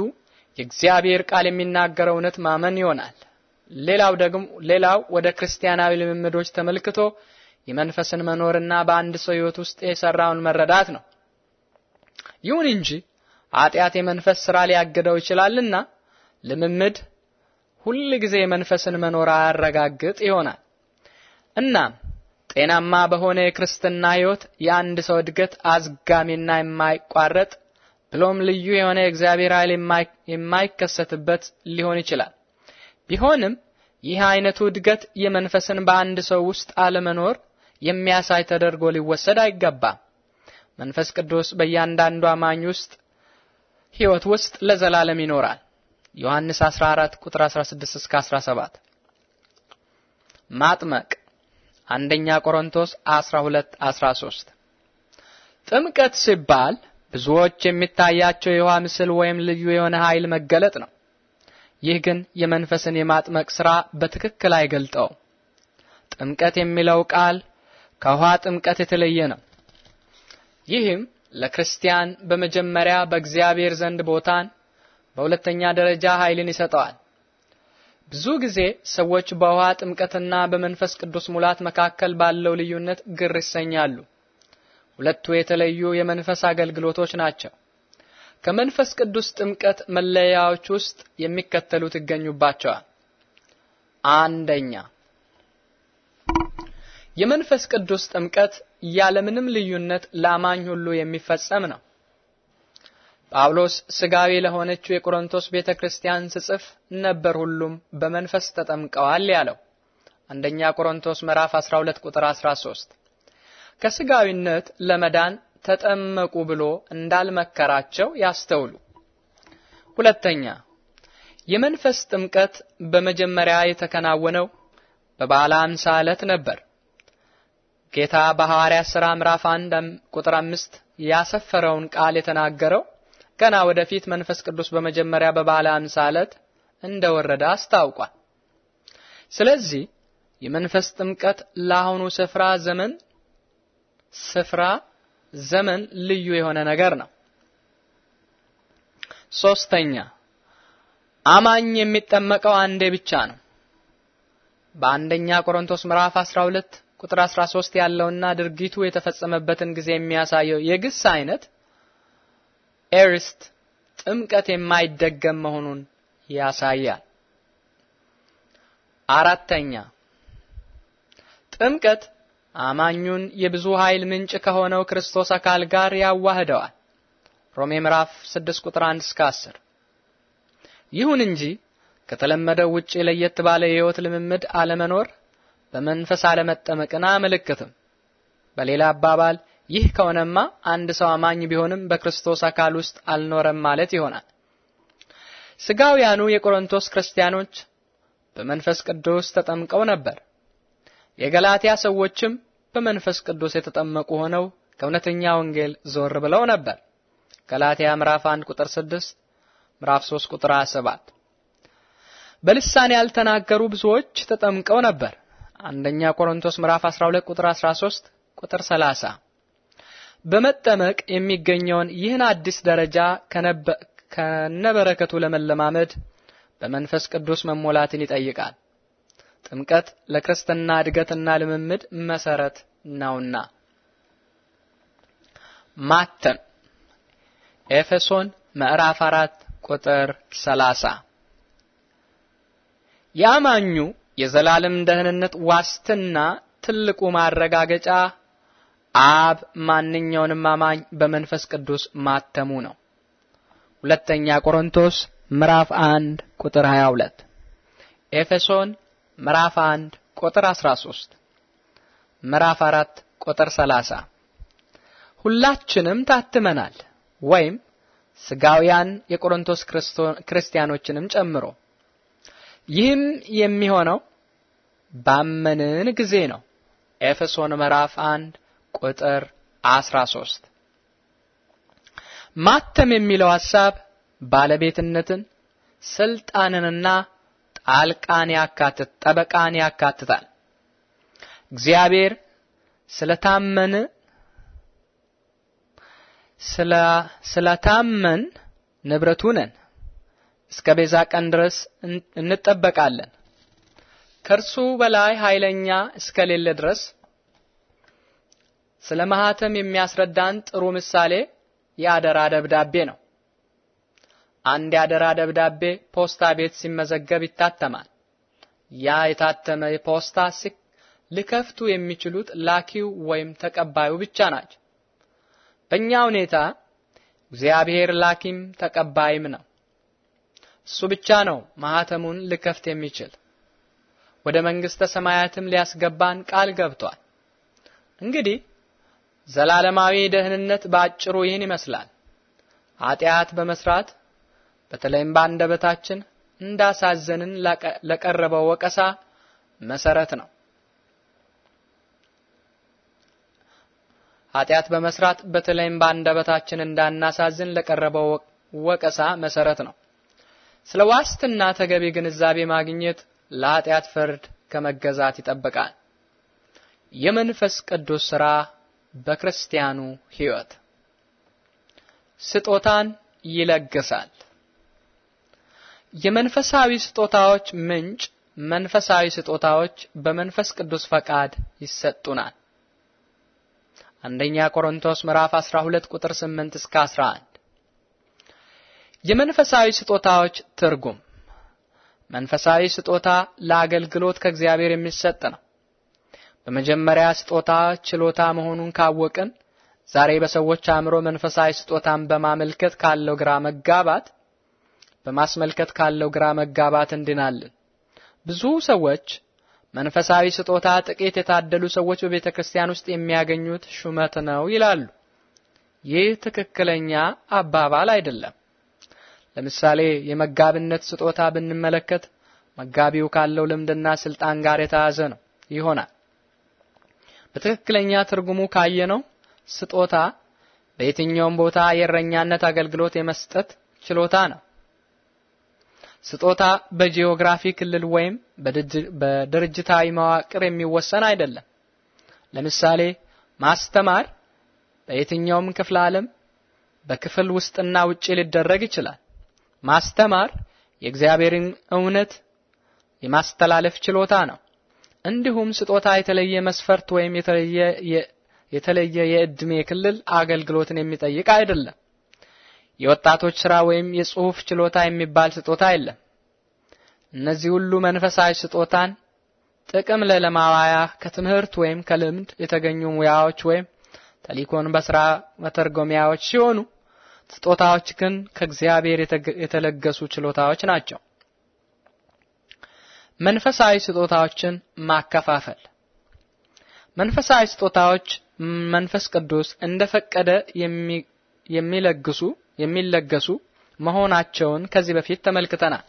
የእግዚአብሔር ቃል የሚናገረው እውነት ማመን ይሆናል። ሌላው ደግሞ ሌላው ወደ ክርስቲያናዊ ልምምዶች ተመልክቶ የመንፈስን መኖርና በአንድ ሰው ህይወት ውስጥ የሰራውን መረዳት ነው። ይሁን እንጂ ኃጢአት የመንፈስ ስራ ሊያግደው ይችላልና ልምምድ ሁል ጊዜ የመንፈስን መኖር አያረጋግጥ ይሆናል። እናም ጤናማ በሆነ የክርስትና ህይወት የአንድ ሰው እድገት አዝጋሚና የማይቋረጥ ብሎም ልዩ የሆነ የእግዚአብሔር ኃይል የማይከሰትበት ሊሆን ይችላል። ቢሆንም ይህ አይነቱ እድገት የመንፈስን በአንድ ሰው ውስጥ አለመኖር የሚያሳይ ተደርጎ ሊወሰድ አይገባም። መንፈስ ቅዱስ በእያንዳንዱ አማኝ ውስጥ ሕይወት ውስጥ ለዘላለም ይኖራል። ዮሐንስ 14 ቁጥር 16 እስከ 17 ማጥመቅ አንደኛ ቆሮንቶስ 12 13 ጥምቀት ሲባል ብዙዎች የሚታያቸው የውሃ ምስል ወይም ልዩ የሆነ ኃይል መገለጥ ነው። ይህ ግን የመንፈስን የማጥመቅ ሥራ በትክክል አይገልጠው። ጥምቀት የሚለው ቃል ከውሃ ጥምቀት የተለየ ነው። ይህም ለክርስቲያን በመጀመሪያ በእግዚአብሔር ዘንድ ቦታን፣ በሁለተኛ ደረጃ ኃይልን ይሰጠዋል። ብዙ ጊዜ ሰዎች በውሃ ጥምቀትና በመንፈስ ቅዱስ ሙላት መካከል ባለው ልዩነት ግር ይሰኛሉ። ሁለቱ የተለዩ የመንፈስ አገልግሎቶች ናቸው። ከመንፈስ ቅዱስ ጥምቀት መለያዎች ውስጥ የሚከተሉት ይገኙባቸዋል። አንደኛ የመንፈስ ቅዱስ ጥምቀት ያለምንም ልዩነት ለአማኝ ሁሉ የሚፈጸም ነው። ጳውሎስ ስጋዊ ለሆነችው የቆሮንቶስ ቤተክርስቲያን ስጽፍ ነበር ሁሉም በመንፈስ ተጠምቀዋል ያለው አንደኛ ቆሮንቶስ ምዕራፍ 12 ቁጥር 13። ከስጋዊነት ለመዳን ተጠመቁ ብሎ እንዳልመከራቸው ያስተውሉ። ሁለተኛ የመንፈስ ጥምቀት በመጀመሪያ የተከናወነው በበዓለ ሃምሳ ዕለት ነበር። ጌታ በሐዋርያ ሥራ ምዕራፍ 1 ቁጥር 5 ያሰፈረውን ቃል የተናገረው ገና ወደፊት መንፈስ ቅዱስ በመጀመሪያ በበዓለ ሃምሳ ዕለት እንደወረደ አስታውቋል። ስለዚህ የመንፈስ ጥምቀት ለአሁኑ ስፍራ ዘመን ስፍራ ዘመን ልዩ የሆነ ነገር ነው። ሶስተኛ አማኝ የሚጠመቀው አንዴ ብቻ ነው። በአንደኛ ቆሮንቶስ ምዕራፍ 12 ቁጥር 13 ያለውና ድርጊቱ የተፈጸመበትን ጊዜ የሚያሳየው የግስ አይነት ኤርስት ጥምቀት የማይደገም መሆኑን ያሳያል። አራተኛ ጥምቀት አማኙን የብዙ ኃይል ምንጭ ከሆነው ክርስቶስ አካል ጋር ያዋህደዋል። ሮሜ ምዕራፍ 6 ቁጥር 1 እስከ 10። ይሁን እንጂ ከተለመደው ውጪ ለየት ባለ የህይወት ልምምድ አለመኖር በመንፈስ አለመጠመቅን አያመለክትም። በሌላ አባባል ይህ ከሆነማ አንድ ሰው አማኝ ቢሆንም በክርስቶስ አካል ውስጥ አልኖረም ማለት ይሆናል። ስጋውያኑ የቆሮንቶስ ክርስቲያኖች በመንፈስ ቅዱስ ተጠምቀው ነበር። የገላትያ ሰዎችም በመንፈስ ቅዱስ የተጠመቁ ሆነው ከእውነተኛ ወንጌል ዞር ብለው ነበር። ገላትያ ምዕራፍ 1 ቁጥር 6፣ ምዕራፍ 3 ቁጥር 27። በልሳን ያልተናገሩ ብዙዎች ተጠምቀው ነበር። አንደኛ ቆሮንቶስ ምዕራፍ 12 ቁጥር 13 ቁጥር 30። በመጠመቅ የሚገኘውን ይህን አዲስ ደረጃ ከነበረከቱ ለመለማመድ በመንፈስ ቅዱስ መሞላትን ይጠይቃል። ጥምቀት ለክርስትና እድገትና ልምምድ መሰረት ነውና። ማተም ኤፌሶን ምዕራፍ 4 ቁጥር 30 ያማኙ የዘላለም ደህንነት ዋስትና ትልቁ ማረጋገጫ አብ ማንኛውንም አማኝ በመንፈስ ቅዱስ ማተሙ ነው። ሁለተኛ ቆሮንቶስ ምዕራፍ 1 ቁጥር 22 ኤፌሶን ምዕራፍ 1 ቁጥር 13 ምዕራፍ 4 ቁጥር 30 ሁላችንም ታትመናል ወይም ስጋውያን የቆሮንቶስ ክርስቲያኖችንም ጨምሮ ይህም የሚሆነው ባመንን ጊዜ ነው። ኤፌሶን ምዕራፍ 1 ቁጥር 13 ማተም የሚለው ሐሳብ ባለቤትነትን፣ ስልጣንንና አልቃን ያካትት ጠበቃን ያካትታል። እግዚአብሔር ስለታመን ስለታመን ንብረቱ ነን። እስከ ቤዛ ቀን ድረስ እንጠበቃለን። ከእርሱ በላይ ኃይለኛ እስከሌለ ድረስ ስለ ማህተም የሚያስረዳን ጥሩ ምሳሌ የአደራ ደብዳቤ ነው። አንድ ያደራ ደብዳቤ ፖስታ ቤት ሲመዘገብ ይታተማል። ያ የታተመ ፖስታ ሲክ ሊከፍቱ የሚችሉት ላኪው ወይም ተቀባዩ ብቻ ናቸው። በእኛ ሁኔታ እግዚአብሔር ላኪም ተቀባይም ነው። እሱ ብቻ ነው ማህተሙን ልከፍት የሚችል። ወደ መንግስተ ሰማያትም ሊያስገባን ቃል ገብቷል። እንግዲህ ዘላለማዊ ደህንነት በአጭሩ ይህን ይመስላል። ኃጢአት በመስራት በተለይም በአንደበታችን እንዳሳዘንን ለቀረበው ወቀሳ መሰረት ነው። ኃጢአት በመስራት በተለይም በአንደበታችን እንዳናሳዝን ለቀረበው ወቀሳ መሰረት ነው። ስለ ዋስትና ተገቢ ግንዛቤ ማግኘት ለኃጢአት ፍርድ ከመገዛት ይጠብቃል። የመንፈስ ቅዱስ ሥራ በክርስቲያኑ ሕይወት ስጦታን ይለግሳል። የመንፈሳዊ ስጦታዎች ምንጭ መንፈሳዊ ስጦታዎች በመንፈስ ቅዱስ ፈቃድ ይሰጡናል። አንደኛ ቆሮንቶስ ምዕራፍ 12 ቁጥር 8 እስከ 11። የመንፈሳዊ ስጦታዎች ትርጉም መንፈሳዊ ስጦታ ለአገልግሎት ከእግዚአብሔር የሚሰጥ ነው። በመጀመሪያ ስጦታ ችሎታ መሆኑን ካወቅን ዛሬ በሰዎች አእምሮ መንፈሳዊ ስጦታን በማመልከት ካለው ግራ መጋባት በማስመልከት ካለው ግራ መጋባት እንድናለን። ብዙ ሰዎች መንፈሳዊ ስጦታ ጥቂት የታደሉ ሰዎች በቤተ ክርስቲያን ውስጥ የሚያገኙት ሹመት ነው ይላሉ። ይህ ትክክለኛ አባባል አይደለም። ለምሳሌ የመጋቢነት ስጦታ ብንመለከት መጋቢው ካለው ልምድና ስልጣን ጋር የተያዘ ነው ይሆናል። በትክክለኛ ትርጉሙ ካየነው ስጦታ በየትኛውም ቦታ የእረኛነት አገልግሎት የመስጠት ችሎታ ነው። ስጦታ በጂኦግራፊ ክልል ወይም በድርጅታዊ መዋቅር የሚወሰን አይደለም። ለምሳሌ ማስተማር በየትኛውም ክፍለ ዓለም በክፍል ውስጥና ውጪ ሊደረግ ይችላል። ማስተማር የእግዚአብሔርን እውነት የማስተላለፍ ችሎታ ነው። እንዲሁም ስጦታ የተለየ መስፈርት ወይም የተለየ የተለየ የእድሜ ክልል አገልግሎትን የሚጠይቅ አይደለም። የወጣቶች ስራ ወይም የጽሁፍ ችሎታ የሚባል ስጦታ የለም። እነዚህ ሁሉ መንፈሳዊ ስጦታን ጥቅም ለለማዋያ ከትምህርት ወይም ከልምድ የተገኙ ሙያዎች ወይም ተሊኮን በስራ መተርጎሚያዎች ሲሆኑ ስጦታዎች ግን ከእግዚአብሔር የተለገሱ ችሎታዎች ናቸው። መንፈሳዊ ስጦታዎችን ማከፋፈል መንፈሳዊ ስጦታዎች መንፈስ ቅዱስ እንደፈቀደ የሚለግሱ የሚለገሱ መሆናቸውን ከዚህ በፊት ተመልክተናል።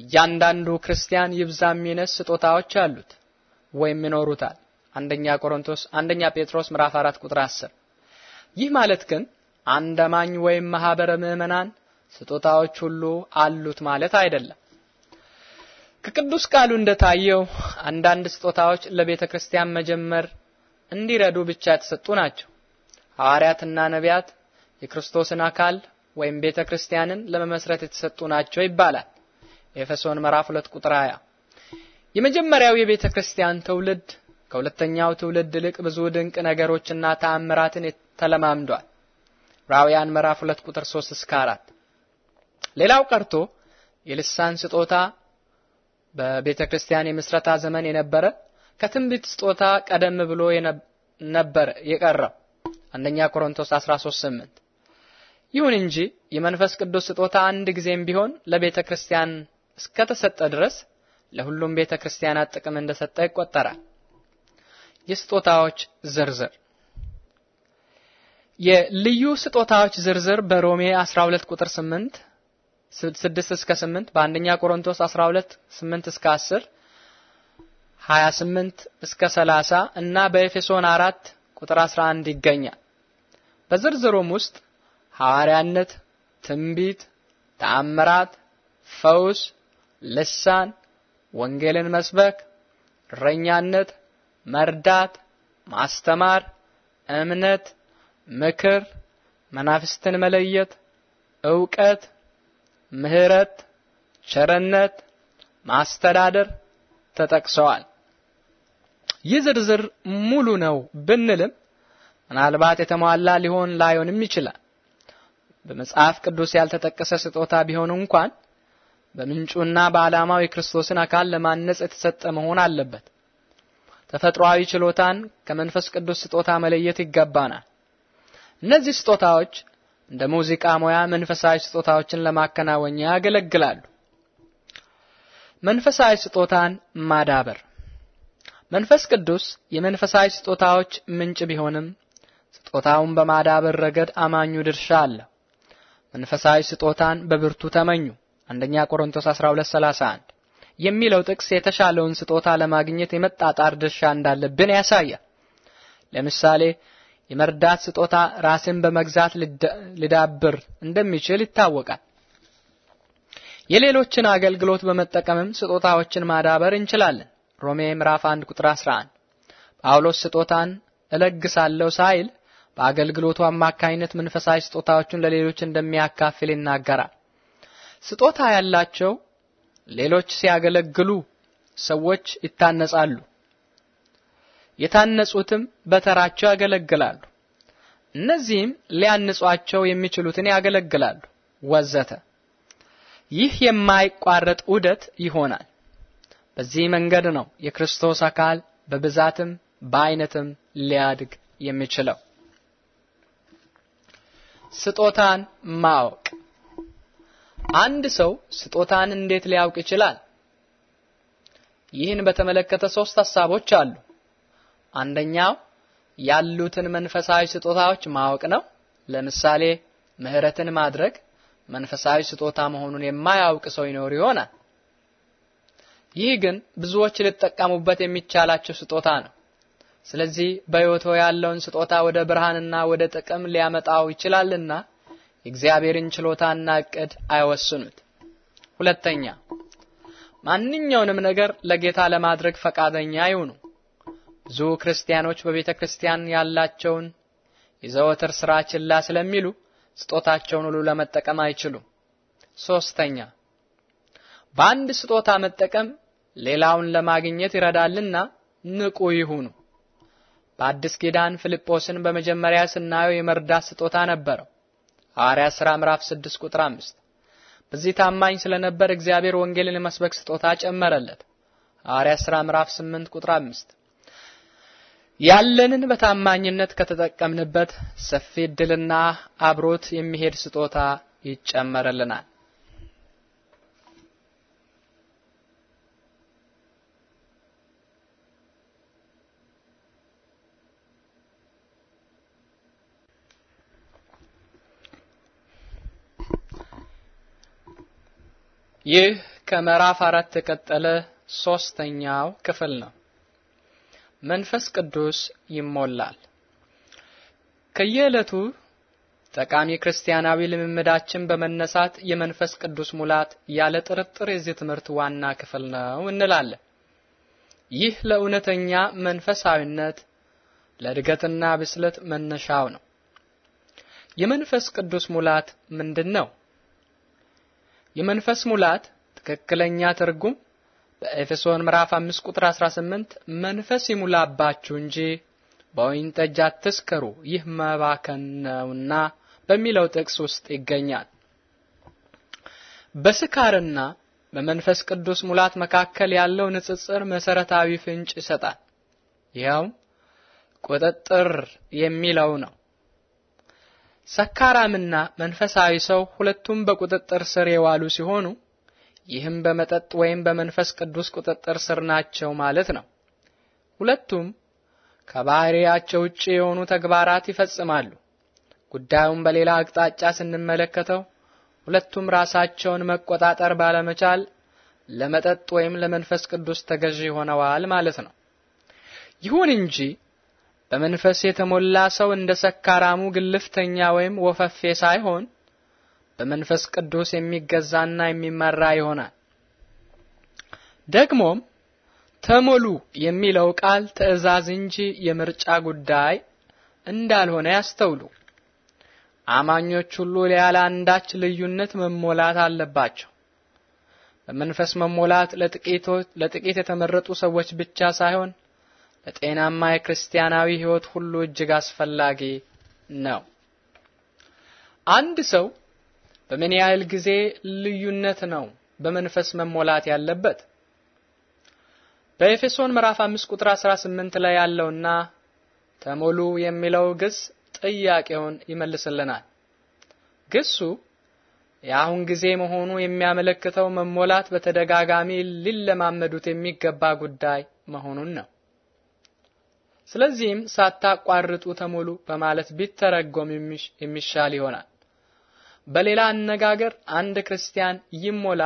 እያንዳንዱ ክርስቲያን ይብዛ የሚነስ ስጦታዎች አሉት ወይም ይኖሩታል። አንደኛ ቆሮንቶስ አንደኛ ጴጥሮስ ምዕራፍ 4 ቁጥር 10። ይህ ማለት ግን አንድ አማኝ ወይም ማህበረ ምዕመናን ስጦታዎች ሁሉ አሉት ማለት አይደለም። ከቅዱስ ቃሉ እንደታየው አንዳንድ ስጦታዎች ለቤተ ክርስቲያን መጀመር እንዲረዱ ብቻ የተሰጡ ናቸው። ሐዋርያትና ነቢያት የክርስቶስን አካል ወይም ቤተ ክርስቲያንን ለመመስረት የተሰጡ ናቸው ይባላል። ኤፌሶን ምዕራፍ 2 ቁጥር 20። የመጀመሪያው የቤተ ክርስቲያን ትውልድ ከሁለተኛው ትውልድ ይልቅ ብዙ ድንቅ ነገሮችና ተአምራትን ተለማምዷል። ራውያን ምዕራፍ 2 ቁጥር 3 እስከ 4። ሌላው ቀርቶ የልሳን ስጦታ በቤተ ክርስቲያን የምስረታ ዘመን የነበረ ከትንቢት ስጦታ ቀደም ብሎ ነበር የቀረው አንደኛ ቆሮንቶስ 13 8 ይሁን እንጂ የመንፈስ ቅዱስ ስጦታ አንድ ጊዜም ቢሆን ለቤተ ክርስቲያን እስከተሰጠ ድረስ ለሁሉም ቤተ ክርስቲያናት ጥቅም እንደሰጠ ይቆጠራል። የስጦታዎች ዝርዝር የልዩ ስጦታዎች ዝርዝር በሮሜ 12 ቁጥር 8 6 እስከ 8 በአንደኛ ቆሮንቶስ 12 8 እስከ 10 28 እስከ 30 እና በኤፌሶን 4 ቁጥር 11 ይገኛል። በዝርዝሩም ውስጥ ሐዋርያነት፣ ትንቢት፣ ተአምራት፣ ፈውስ፣ ልሳን፣ ወንጌልን መስበክ፣ እረኛነት፣ መርዳት፣ ማስተማር፣ እምነት፣ ምክር፣ መናፍስትን መለየት፣ እውቀት፣ ምህረት፣ ቸርነት፣ ማስተዳደር ተጠቅሰዋል። ይህ ዝርዝር ሙሉ ነው ብንልም ምናልባት የተሟላ ሊሆን ላይሆንም ይችላል። በመጽሐፍ ቅዱስ ያልተጠቀሰ ስጦታ ቢሆን እንኳን በምንጩና በዓላማው የክርስቶስን አካል ለማነጽ የተሰጠ መሆን አለበት። ተፈጥሯዊ ችሎታን ከመንፈስ ቅዱስ ስጦታ መለየት ይገባናል። እነዚህ ስጦታዎች እንደ ሙዚቃ ሙያ መንፈሳዊ ስጦታዎችን ለማከናወኛ ያገለግላሉ። መንፈሳዊ ስጦታን ማዳበር መንፈስ ቅዱስ የመንፈሳዊ ስጦታዎች ምንጭ ቢሆንም ስጦታውን በማዳበር ረገድ አማኙ ድርሻ አለ። መንፈሳዊ ስጦታን በብርቱ ተመኙ። አንደኛ ቆሮንቶስ 12:31 የሚለው ጥቅስ የተሻለውን ስጦታ ለማግኘት የመጣጣር ድርሻ እንዳለብን ያሳያል። ለምሳሌ የመርዳት ስጦታ ራስን በመግዛት ሊዳብር እንደሚችል ይታወቃል። የሌሎችን አገልግሎት በመጠቀምም ስጦታዎችን ማዳበር እንችላለን። ሮሜ ምዕራፍ 1 ቁጥር 11 ጳውሎስ ስጦታን እለግሳለሁ ሳይል በአገልግሎቱ አማካኝነት መንፈሳዊ ስጦታዎችን ለሌሎች እንደሚያካፍል ይናገራል። ስጦታ ያላቸው ሌሎች ሲያገለግሉ ሰዎች ይታነጻሉ። የታነጹትም በተራቸው ያገለግላሉ። እነዚህም ሊያንጿቸው የሚችሉትን ያገለግላሉ ወዘተ። ይህ የማይቋረጥ ዑደት ይሆናል። በዚህ መንገድ ነው የክርስቶስ አካል በብዛትም በአይነትም ሊያድግ የሚችለው። ስጦታን ማወቅ አንድ ሰው ስጦታን እንዴት ሊያውቅ ይችላል? ይህን በተመለከተ ሶስት ሀሳቦች አሉ። አንደኛው ያሉትን መንፈሳዊ ስጦታዎች ማወቅ ነው። ለምሳሌ ምህረትን ማድረግ መንፈሳዊ ስጦታ መሆኑን የማያውቅ ሰው ይኖር ይሆናል። ይህ ግን ብዙዎች ሊጠቀሙበት የሚቻላቸው ስጦታ ነው። ስለዚህ በሕይወቶ ያለውን ስጦታ ወደ ብርሃንና ወደ ጥቅም ሊያመጣው ይችላልና የእግዚአብሔርን ችሎታና እቅድ አይወስኑት። ሁለተኛ ማንኛውንም ነገር ለጌታ ለማድረግ ፈቃደኛ ይሁኑ። ብዙ ክርስቲያኖች በቤተ ክርስቲያን ያላቸውን የዘወትር ስራ ችላ ስለሚሉ ስጦታቸውን ሁሉ ለመጠቀም አይችሉም። ሶስተኛ በአንድ ስጦታ መጠቀም ሌላውን ለማግኘት ይረዳልና ንቁ ይሁኑ። በአዲስ ኪዳን ፊልጶስን በመጀመሪያ ስናየው የመርዳት ስጦታ ነበረው። ሐዋርያ ሥራ ምዕራፍ 6 ቁጥር 5። በዚህ ታማኝ ስለነበር እግዚአብሔር ወንጌልን የመስበክ ስጦታ ጨመረለት። ሐዋርያ ሥራ ምዕራፍ 8 ቁጥር 5። ያለንን በታማኝነት ከተጠቀምንበት ሰፊ እድልና አብሮት የሚሄድ ስጦታ ይጨመርልናል። ይህ ከምዕራፍ አራት የቀጠለ ሶስተኛው ክፍል ነው። መንፈስ ቅዱስ ይሞላል። ከየዕለቱ ጠቃሚ ክርስቲያናዊ ልምምዳችን በመነሳት የመንፈስ ቅዱስ ሙላት ያለ ጥርጥር የዚህ ትምህርት ዋና ክፍል ነው እንላለን። ይህ ለእውነተኛ መንፈሳዊነት ለእድገትና ብስለት መነሻው ነው። የመንፈስ ቅዱስ ሙላት ምንድን ነው? የመንፈስ ሙላት ትክክለኛ ትርጉም በኤፌሶን ምዕራፍ 5 ቁጥር 18 መንፈስ ይሙላባችሁ እንጂ በወይን ጠጅ አትስከሩ፣ ይህ መባከን ነውና በሚለው ጥቅስ ውስጥ ይገኛል። በስካርና በመንፈስ ቅዱስ ሙላት መካከል ያለው ንጽጽር መሰረታዊ ፍንጭ ይሰጣል። ይኸውም ቁጥጥር የሚለው ነው። ሰካራምና መንፈሳዊ ሰው ሁለቱም በቁጥጥር ስር የዋሉ ሲሆኑ ይህም በመጠጥ ወይም በመንፈስ ቅዱስ ቁጥጥር ስር ናቸው ማለት ነው። ሁለቱም ከባህሪያቸው ውጪ የሆኑ ተግባራት ይፈጽማሉ። ጉዳዩን በሌላ አቅጣጫ ስንመለከተው ሁለቱም ራሳቸውን መቆጣጠር ባለመቻል ለመጠጥ ወይም ለመንፈስ ቅዱስ ተገዢ ሆነዋል ማለት ነው። ይሁን እንጂ በመንፈስ የተሞላ ሰው እንደ ሰካራሙ ግልፍተኛ ወይም ወፈፌ ሳይሆን በመንፈስ ቅዱስ የሚገዛና የሚመራ ይሆናል። ደግሞም ተሞሉ የሚለው ቃል ትዕዛዝ እንጂ የምርጫ ጉዳይ እንዳልሆነ ያስተውሉ። አማኞች ሁሉ ያለ አንዳች ልዩነት መሞላት አለባቸው። በመንፈስ መሞላት ለጥቂት ለጥቂት የተመረጡ ሰዎች ብቻ ሳይሆን ለጤናማ የክርስቲያናዊ ህይወት ሁሉ እጅግ አስፈላጊ ነው። አንድ ሰው በምን ያህል ጊዜ ልዩነት ነው በመንፈስ መሞላት ያለበት? በኤፌሶን ምዕራፍ 5 ቁጥር 18 ላይ ያለውና ተሞሉ የሚለው ግስ ጥያቄውን ይመልስልናል። ግሱ የአሁን ጊዜ መሆኑ የሚያመለክተው መሞላት በተደጋጋሚ ሊለማመዱት የሚገባ ጉዳይ መሆኑን ነው። ስለዚህም ሳታቋርጡ ተሞሉ በማለት ቢተረጎም የሚሻል ይሆናል። በሌላ አነጋገር አንድ ክርስቲያን ይሞላ፣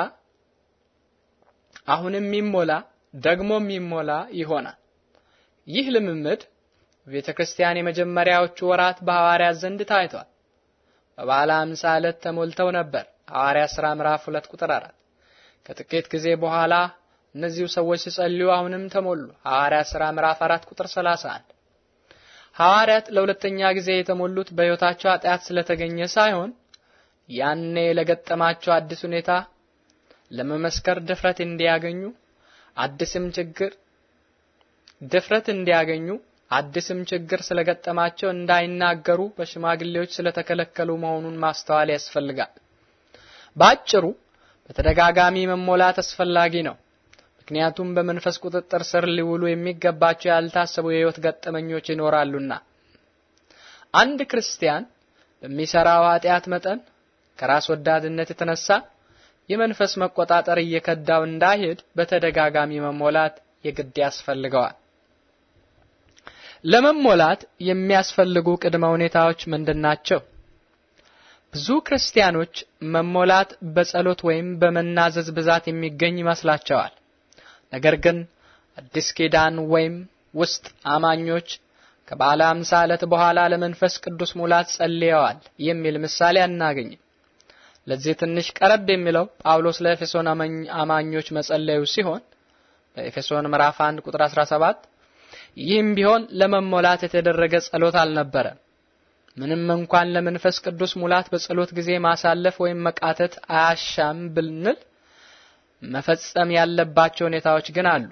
አሁንም ይሞላ፣ ደግሞም ይሞላ ይሆናል። ይህ ልምምድ ቤተ ክርስቲያን የመጀመሪያዎቹ ወራት በሐዋርያት ዘንድ ታይቷል። በበዓለ ሃምሳ ዕለት ተሞልተው ነበር። ሐዋርያ ሥራ ምዕራፍ 2 ቁጥር 4። ከጥቂት ጊዜ በኋላ እነዚሁ ሰዎች ሲጸልዩ አሁንም ተሞሉ። ሐዋርያት ሥራ ምዕራፍ 4 ቁጥር 31 ሐዋርያት ለሁለተኛ ጊዜ የተሞሉት በሕይወታቸው ኃጢአት ስለተገኘ ሳይሆን ያኔ ለገጠማቸው አዲስ ሁኔታ ለመመስከር ድፍረት እንዲያገኙ አዲስም ችግር ድፍረት እንዲያገኙ አዲስም ችግር ስለገጠማቸው እንዳይናገሩ በሽማግሌዎች ስለተከለከሉ መሆኑን ማስተዋል ያስፈልጋል። ባጭሩ በተደጋጋሚ መሞላት አስፈላጊ ነው። ምክንያቱም በመንፈስ ቁጥጥር ስር ሊውሉ የሚገባቸው ያልታሰቡ የህይወት ገጠመኞች ይኖራሉና። አንድ ክርስቲያን በሚሰራው ኃጢአት መጠን ከራስ ወዳድነት የተነሳ የመንፈስ መቆጣጠር እየከዳው እንዳይሄድ በተደጋጋሚ መሞላት የግድ ያስፈልገዋል። ለመሞላት የሚያስፈልጉ ቅድመ ሁኔታዎች ምንድናቸው? ብዙ ክርስቲያኖች መሞላት በጸሎት ወይም በመናዘዝ ብዛት የሚገኝ ይመስላቸዋል። ነገር ግን አዲስ ኪዳን ወይም ውስጥ አማኞች ከባለ አምሳ ዕለት በኋላ ለመንፈስ ቅዱስ ሙላት ጸልየዋል የሚል ምሳሌ አናገኝም። ለዚህ ትንሽ ቀረብ የሚለው ጳውሎስ ለኤፌሶን አማኞች መጸለዩ ሲሆን በኤፌሶን ምዕራፍ 1 ቁጥር 17 ይህም ቢሆን ለመሞላት የተደረገ ጸሎት አልነበረ። ምንም እንኳን ለመንፈስ ቅዱስ ሙላት በጸሎት ጊዜ ማሳለፍ ወይም መቃተት አያሻም ብንል መፈጸም ያለባቸው ሁኔታዎች ግን አሉ።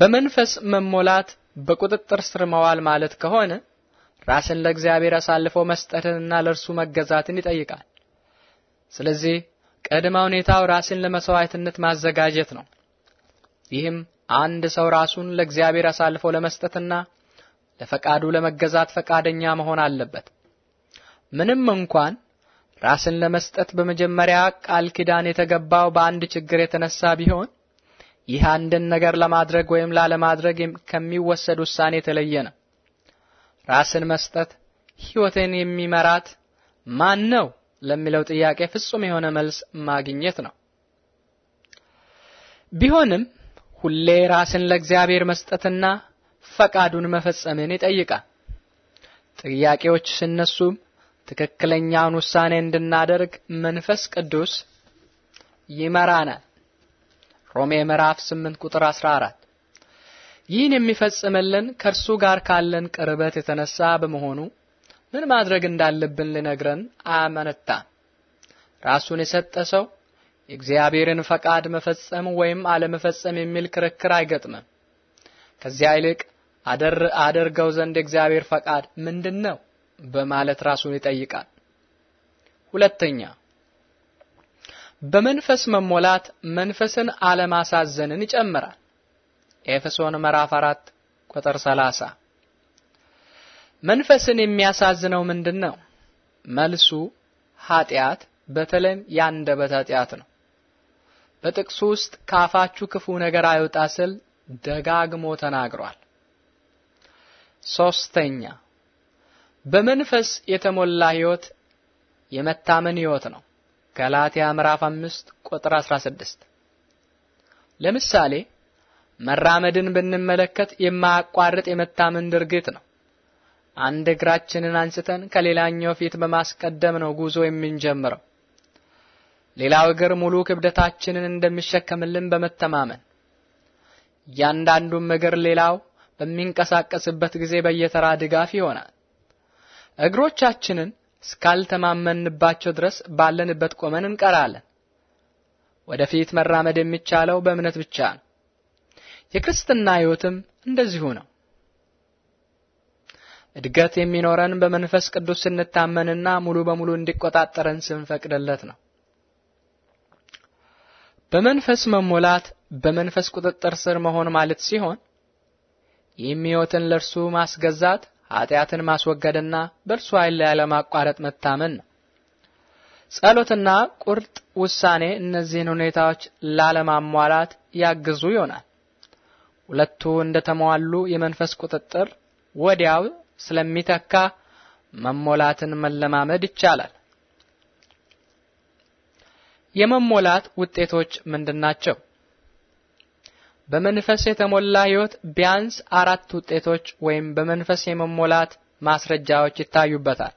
በመንፈስ መሞላት በቁጥጥር ስር መዋል ማለት ከሆነ ራስን ለእግዚአብሔር አሳልፎ መስጠትንና ለእርሱ መገዛትን ይጠይቃል። ስለዚህ ቅድመ ሁኔታው ራስን ለመስዋዕትነት ማዘጋጀት ነው። ይህም አንድ ሰው ራሱን ለእግዚአብሔር አሳልፎ ለመስጠትና ለፈቃዱ ለመገዛት ፈቃደኛ መሆን አለበት። ምንም እንኳን ራስን ለመስጠት በመጀመሪያ ቃል ኪዳን የተገባው በአንድ ችግር የተነሳ ቢሆን ይህ አንድን ነገር ለማድረግ ወይም ላለማድረግ ከሚወሰድ ውሳኔ የተለየ ነው። ራስን መስጠት ሕይወትን የሚመራት ማን ነው ለሚለው ጥያቄ ፍጹም የሆነ መልስ ማግኘት ነው። ቢሆንም ሁሌ ራስን ለእግዚአብሔር መስጠትና ፈቃዱን መፈጸምን ይጠይቃል። ጥያቄዎች ሲነሱም ትክክለኛውን ውሳኔ እንድናደርግ መንፈስ ቅዱስ ይመራናል። ሮሜ ምዕራፍ 8 ቁጥር 14። ይህን የሚፈጽምልን ከእርሱ ጋር ካለን ቅርበት የተነሳ በመሆኑ ምን ማድረግ እንዳለብን ሊነግረን አያመነታም። ራሱን የሰጠ ሰው የእግዚአብሔርን ፈቃድ መፈጸም ወይም አለመፈጸም የሚል ክርክር አይገጥምም። ከዚያ ይልቅ አደር አደርገው ዘንድ የእግዚአብሔር ፈቃድ ምንድን ነው በማለት ራሱን ይጠይቃል። ሁለተኛ በመንፈስ መሞላት መንፈስን አለማሳዘንን ይጨምራል። ኤፌሶን ምዕራፍ 4 ቁጥር 30። መንፈስን የሚያሳዝነው ምንድን ነው? መልሱ ኃጢአት፣ በተለይም የአንደበት ኃጢአት ነው። በጥቅሱ ውስጥ ከአፋችሁ ክፉ ነገር አይውጣ ስል ደጋግሞ ተናግሯል። ሶስተኛ በመንፈስ የተሞላ ህይወት የመታመን ህይወት ነው። ገላትያ ምዕራፍ 5 ቁጥር 16። ለምሳሌ መራመድን ብንመለከት የማያቋርጥ የመታመን ድርጊት ነው። አንድ እግራችንን አንስተን ከሌላኛው ፊት በማስቀደም ነው ጉዞ የምንጀምረው። ሌላው እግር ሙሉ ክብደታችንን እንደሚሸከምልን በመተማመን እያንዳንዱም እግር ሌላው በሚንቀሳቀስበት ጊዜ በየተራ ድጋፍ ይሆናል። እግሮቻችንን እስካልተማመንባቸው ድረስ ባለንበት ቆመን እንቀራለን። ወደፊት መራመድ የሚቻለው በእምነት ብቻ ነው። የክርስትና ሕይወትም እንደዚሁ ነው። እድገት የሚኖረን በመንፈስ ቅዱስ ስንታመንና ሙሉ በሙሉ እንዲቆጣጠረን ስንፈቅድለት ነው። በመንፈስ መሞላት በመንፈስ ቁጥጥር ስር መሆን ማለት ሲሆን ይህም ሕይወትን ለእርሱ ማስገዛት ኃጢአትን ማስወገድና በእርሱ ኃይል ላይ ለማቋረጥ መታመን ነው። ጸሎትና ቁርጥ ውሳኔ እነዚህን ሁኔታዎች ላለማሟላት ያግዙ ይሆናል። ሁለቱ እንደተሟሉ የመንፈስ ቁጥጥር ወዲያው ስለሚተካ መሞላትን መለማመድ ይቻላል። የመሞላት ውጤቶች ምንድናቸው? በመንፈስ የተሞላ ህይወት ቢያንስ አራት ውጤቶች ወይም በመንፈስ የመሞላት ማስረጃዎች ይታዩበታል።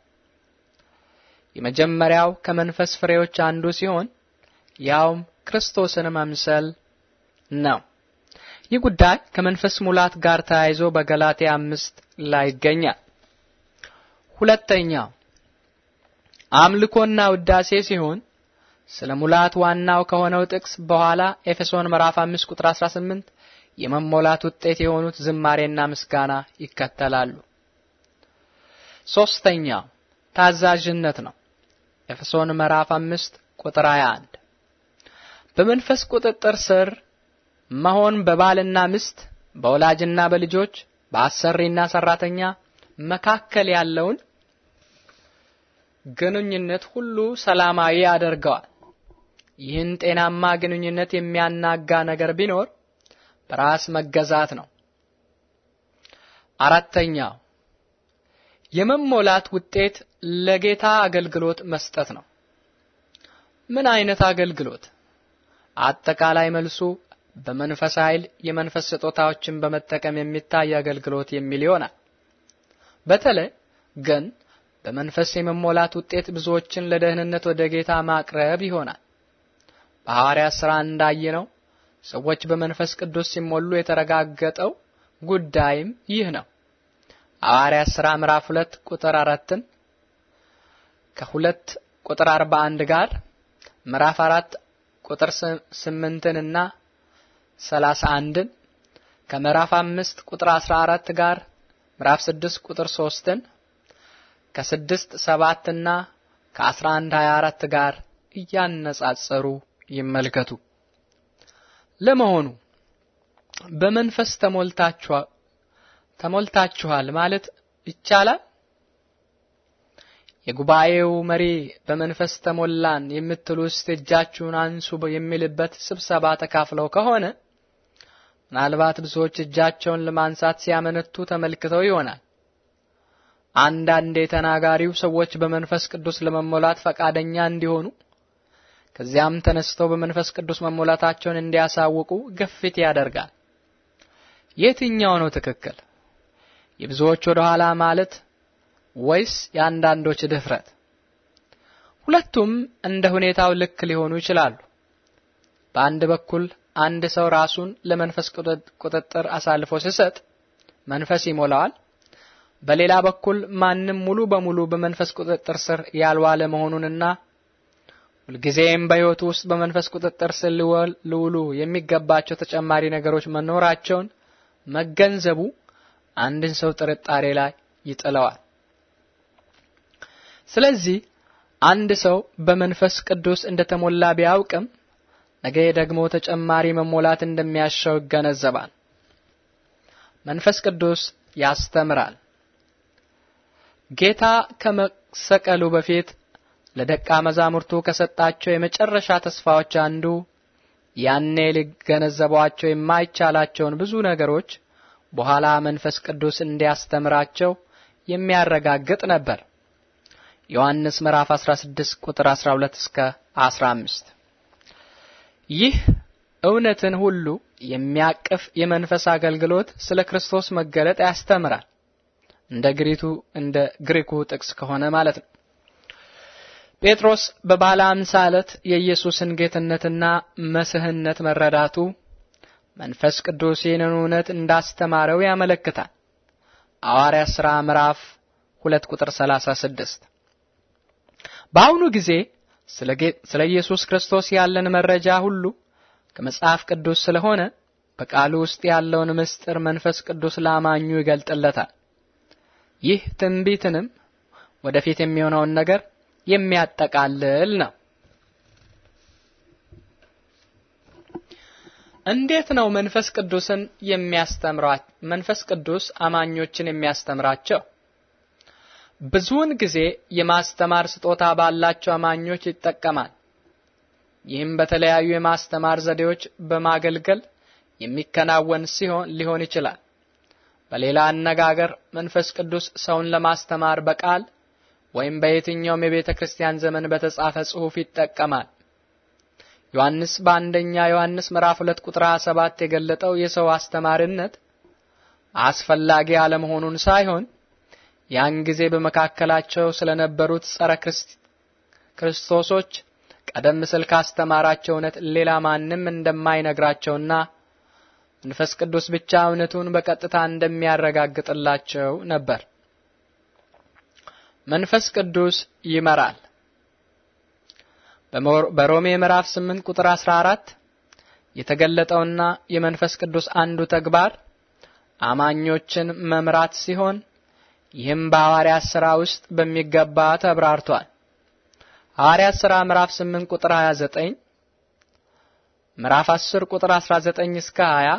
የመጀመሪያው ከመንፈስ ፍሬዎች አንዱ ሲሆን ያውም ክርስቶስን መምሰል ነው። ይህ ጉዳይ ከመንፈስ ሙላት ጋር ተያይዞ በገላትያ አምስት ላይ ይገኛል። ሁለተኛው አምልኮና ውዳሴ ሲሆን ስለ ሙላት ዋናው ከሆነው ጥቅስ በኋላ ኤፌሶን ምዕራፍ 5 ቁጥር 18 የመሞላት ውጤት የሆኑት ዝማሬና ምስጋና ይከተላሉ። ሶስተኛው ታዛዥነት ነው። ኤፌሶን ምዕራፍ 5 ቁጥር 21 በመንፈስ ቁጥጥር ስር መሆን በባልና ሚስት፣ በወላጅና በልጆች፣ በአሰሪና ሰራተኛ መካከል ያለውን ግንኙነት ሁሉ ሰላማዊ ያደርገዋል። ይህን ጤናማ ግንኙነት የሚያናጋ ነገር ቢኖር በራስ መገዛት ነው። አራተኛው የመሞላት ውጤት ለጌታ አገልግሎት መስጠት ነው። ምን አይነት አገልግሎት? አጠቃላይ መልሱ በመንፈስ ኃይል የመንፈስ ስጦታዎችን በመጠቀም የሚታይ አገልግሎት የሚል ይሆናል። በተለይ ግን በመንፈስ የመሞላት ውጤት ብዙዎችን ለደህንነት ወደ ጌታ ማቅረብ ይሆናል። በሐዋርያ ሥራ ነው ሰዎች በመንፈስ ቅዱስ ሲሞሉ የተረጋገጠው ጉዳይም ይህ ነው። ሐዋርያ ሥራ ምዕራፍ 2 ቁጥር 4ን ከ2 ቁጥር 41 ጋር ምዕራፍ 4 ቁጥር 8ን እና 31ን ከምዕራፍ 5 ቁጥር 14 ጋር ምዕራፍ 6 ቁጥር 3ን ከ6 7 እና ከ11 24 ጋር እያነጻጸሩ ይመልከቱ። ለመሆኑ በመንፈስ ተሞልታችኋል ማለት ይቻላል? የጉባኤው መሪ በመንፈስ ተሞላን የምትሉ ውስጥ እጃችሁን አንሱ የሚልበት ስብሰባ ተካፍለው ከሆነ ምናልባት ብዙዎች እጃቸውን ለማንሳት ሲያመነቱ ተመልክተው ይሆናል። አንዳንድ የተናጋሪው ሰዎች በመንፈስ ቅዱስ ለመሞላት ፈቃደኛ እንዲሆኑ ከዚያም ተነስተው በመንፈስ ቅዱስ መሞላታቸውን እንዲያሳውቁ ግፊት ያደርጋል። የትኛው ነው ትክክል? የብዙዎች ወደ ኋላ ማለት ወይስ የአንዳንዶች ድፍረት? ሁለቱም እንደ ሁኔታው ልክ ሊሆኑ ይችላሉ። በአንድ በኩል አንድ ሰው ራሱን ለመንፈስ ቁጥጥር አሳልፎ ሲሰጥ መንፈስ ይሞላዋል። በሌላ በኩል ማንም ሙሉ በሙሉ በመንፈስ ቁጥጥር ስር ያልዋለ መሆኑንና ሁልጊዜም በሕይወቱ ውስጥ በመንፈስ ቁጥጥር ስር ሊውሉ የሚገባቸው ተጨማሪ ነገሮች መኖራቸውን መገንዘቡ አንድን ሰው ጥርጣሬ ላይ ይጥለዋል። ስለዚህ አንድ ሰው በመንፈስ ቅዱስ እንደተሞላ ቢያውቅም ነገ ደግሞ ተጨማሪ መሞላት እንደሚያሻው ይገነዘባል። መንፈስ ቅዱስ ያስተምራል። ጌታ ከመሰቀሉ በፊት ለደቃ መዛሙርቱ ከሰጣቸው የመጨረሻ ተስፋዎች አንዱ ያኔ ሊገነዘቧቸው የማይቻላቸውን ብዙ ነገሮች በኋላ መንፈስ ቅዱስ እንዲያስተምራቸው የሚያረጋግጥ ነበር። ዮሐንስ ምዕራፍ 16 ቁጥር 12 እስከ 15 ይህ እውነትን ሁሉ የሚያቅፍ የመንፈስ አገልግሎት ስለ ክርስቶስ መገለጥ ያስተምራል። እንደ ግሪቱ እንደ ግሪኩ ጥቅስ ከሆነ ማለት ነው። ጴጥሮስ በባለ አምሳ ዓለት የኢየሱስን ጌትነትና መስህነት መረዳቱ መንፈስ ቅዱስ ይህንን እውነት እንዳስተማረው ያመለክታል። አዋርያ ሥራ ምዕራፍ 2 ቁጥር 36። በአሁኑ ጊዜ ስለ ኢየሱስ ክርስቶስ ያለን መረጃ ሁሉ ከመጽሐፍ ቅዱስ ስለሆነ በቃሉ ውስጥ ያለውን ምስጢር መንፈስ ቅዱስ ላማኙ ይገልጥለታል። ይህ ትንቢትንም ወደፊት የሚሆነውን ነገር የሚያጠቃልል ነው። እንዴት ነው መንፈስ ቅዱስን የሚያስተምራቸው? መንፈስ ቅዱስ አማኞችን የሚያስተምራቸው? ብዙውን ጊዜ የማስተማር ስጦታ ባላቸው አማኞች ይጠቀማል። ይህም በተለያዩ የማስተማር ዘዴዎች በማገልገል የሚከናወን ሲሆን ሊሆን ይችላል። በሌላ አነጋገር መንፈስ ቅዱስ ሰውን ለማስተማር በቃል ወይም በየትኛውም የቤተ ክርስቲያን ዘመን በተጻፈ ጽሑፍ ይጠቀማል። ዮሐንስ በአንደኛ ዮሐንስ ምዕራፍ 2 ቁጥር 27 የገለጠው የሰው አስተማሪነት አስፈላጊ አለመሆኑን ሳይሆን ያን ጊዜ በመካከላቸው ስለነበሩት ጸረ ክርስቶሶች ቀደም ሲል ካስተማራቸው እውነት ሌላ ማንም እንደማይነግራቸውና መንፈስ ቅዱስ ብቻ እውነቱን በቀጥታ እንደሚያረጋግጥላቸው ነበር። መንፈስ ቅዱስ ይመራል። በሮሜ ምዕራፍ 8 ቁጥር 14 የተገለጠውና የመንፈስ ቅዱስ አንዱ ተግባር አማኞችን መምራት ሲሆን ይህም በሐዋርያት ሥራ ውስጥ በሚገባ ተብራርቷል። ሐዋርያት ሥራ ምዕራፍ 8 ቁጥር 29፣ ምዕራፍ 10 ቁጥር 19 እስከ 20፣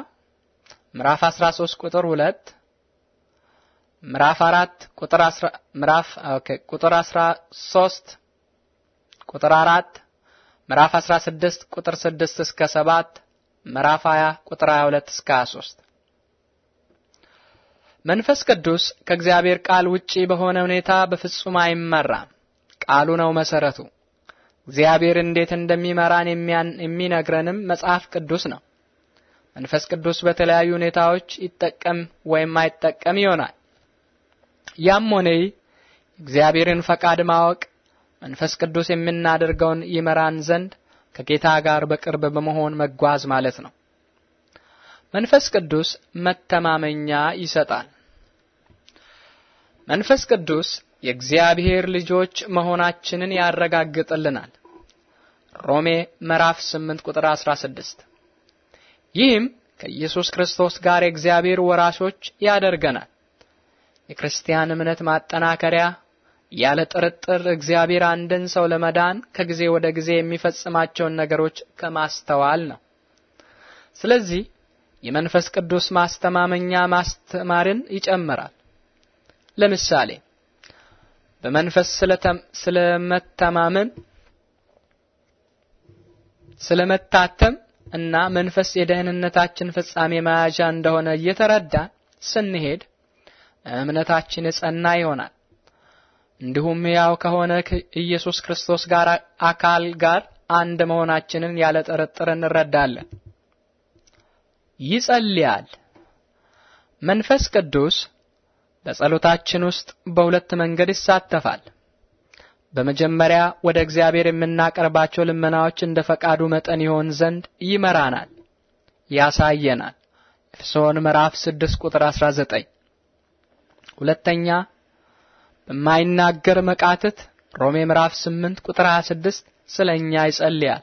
ምዕራፍ 13 ቁጥር 2 ምዕራፍ 4 ቁጥር 10 ምዕራፍ ኦኬ ቁጥር 13 ቁጥር 4 ምዕራፍ 16 ቁጥር 6 እስከ 7 ምዕራፍ 20 ቁጥር 22 እስከ 23 መንፈስ ቅዱስ ከእግዚአብሔር ቃል ውጪ በሆነ ሁኔታ በፍጹም አይመራም። ቃሉ ነው መሰረቱ። እግዚአብሔር እንዴት እንደሚመራን የሚነግረንም መጽሐፍ ቅዱስ ነው። መንፈስ ቅዱስ በተለያዩ ሁኔታዎች ይጠቀም ወይም አይጠቀም ይሆናል። ያም ሆነ እግዚአብሔርን ፈቃድ ማወቅ መንፈስ ቅዱስ የምናደርገውን ይመራን ዘንድ ከጌታ ጋር በቅርብ በመሆን መጓዝ ማለት ነው። መንፈስ ቅዱስ መተማመኛ ይሰጣል። መንፈስ ቅዱስ የእግዚአብሔር ልጆች መሆናችንን ያረጋግጥልናል። ሮሜ ምዕራፍ 8 ቁጥር 16። ይህም ከኢየሱስ ክርስቶስ ጋር የእግዚአብሔር ወራሾች ያደርገናል። የክርስቲያን እምነት ማጠናከሪያ ያለ ጥርጥር እግዚአብሔር አንድን ሰው ለመዳን ከጊዜ ወደ ጊዜ የሚፈጽማቸውን ነገሮች ከማስተዋል ነው። ስለዚህ የመንፈስ ቅዱስ ማስተማመኛ ማስተማርን ይጨምራል። ለምሳሌ በመንፈስ ስለመተማመን፣ ስለመታተም እና መንፈስ የደህንነታችን ፍጻሜ መያዣ እንደሆነ እየተረዳን ስንሄድ እምነታችን የጸና ይሆናል። እንዲሁም ያው ከሆነ ኢየሱስ ክርስቶስ ጋር አካል ጋር አንድ መሆናችንን ያለ ጥርጥር እንረዳለን። ይጸልያል። መንፈስ ቅዱስ በጸሎታችን ውስጥ በሁለት መንገድ ይሳተፋል። በመጀመሪያ ወደ እግዚአብሔር የምናቀርባቸው ልመናዎች እንደ ፈቃዱ መጠን ይሆን ዘንድ ይመራናል፣ ያሳየናል። ኤፌሶን ምዕራፍ 6 ቁጥር 19 ሁለተኛ በማይናገር መቃተት ሮሜ ምዕራፍ 8 ቁጥር 26 ስለኛ ይጸልያል።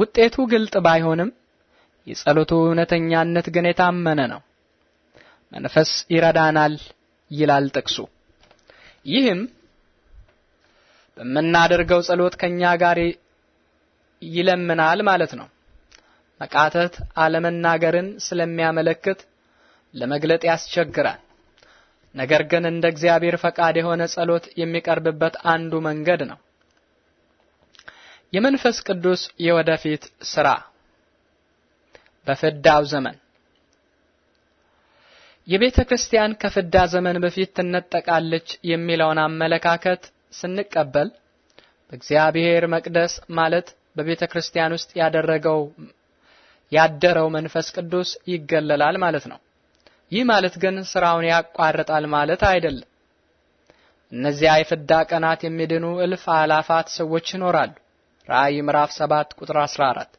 ውጤቱ ግልጥ ባይሆንም የጸሎቱ እውነተኛነት ግን የታመነ ነው። መንፈስ ይረዳናል ይላል ጥቅሱ። ይህም በምናደርገው ጸሎት ከኛ ጋር ይለምናል ማለት ነው። መቃተት አለመናገርን ስለሚያመለክት ለመግለጥ ያስቸግራል። ነገር ግን እንደ እግዚአብሔር ፈቃድ የሆነ ጸሎት የሚቀርብበት አንዱ መንገድ ነው። የመንፈስ ቅዱስ የወደፊት ስራ በፍዳው ዘመን የቤተ ክርስቲያን ከፍዳ ዘመን በፊት ትነጠቃለች የሚለውን አመለካከት ስንቀበል በእግዚአብሔር መቅደስ ማለት በቤተ ክርስቲያን ውስጥ ያደረገው ያደረው መንፈስ ቅዱስ ይገለላል ማለት ነው። ይህ ማለት ግን ስራውን ያቋርጣል ማለት አይደለም። እነዚያ የፍዳ ቀናት የሚድኑ እልፍ አላፋት ሰዎች ይኖራሉ። ራእይ ምዕራፍ 7 ቁጥር 14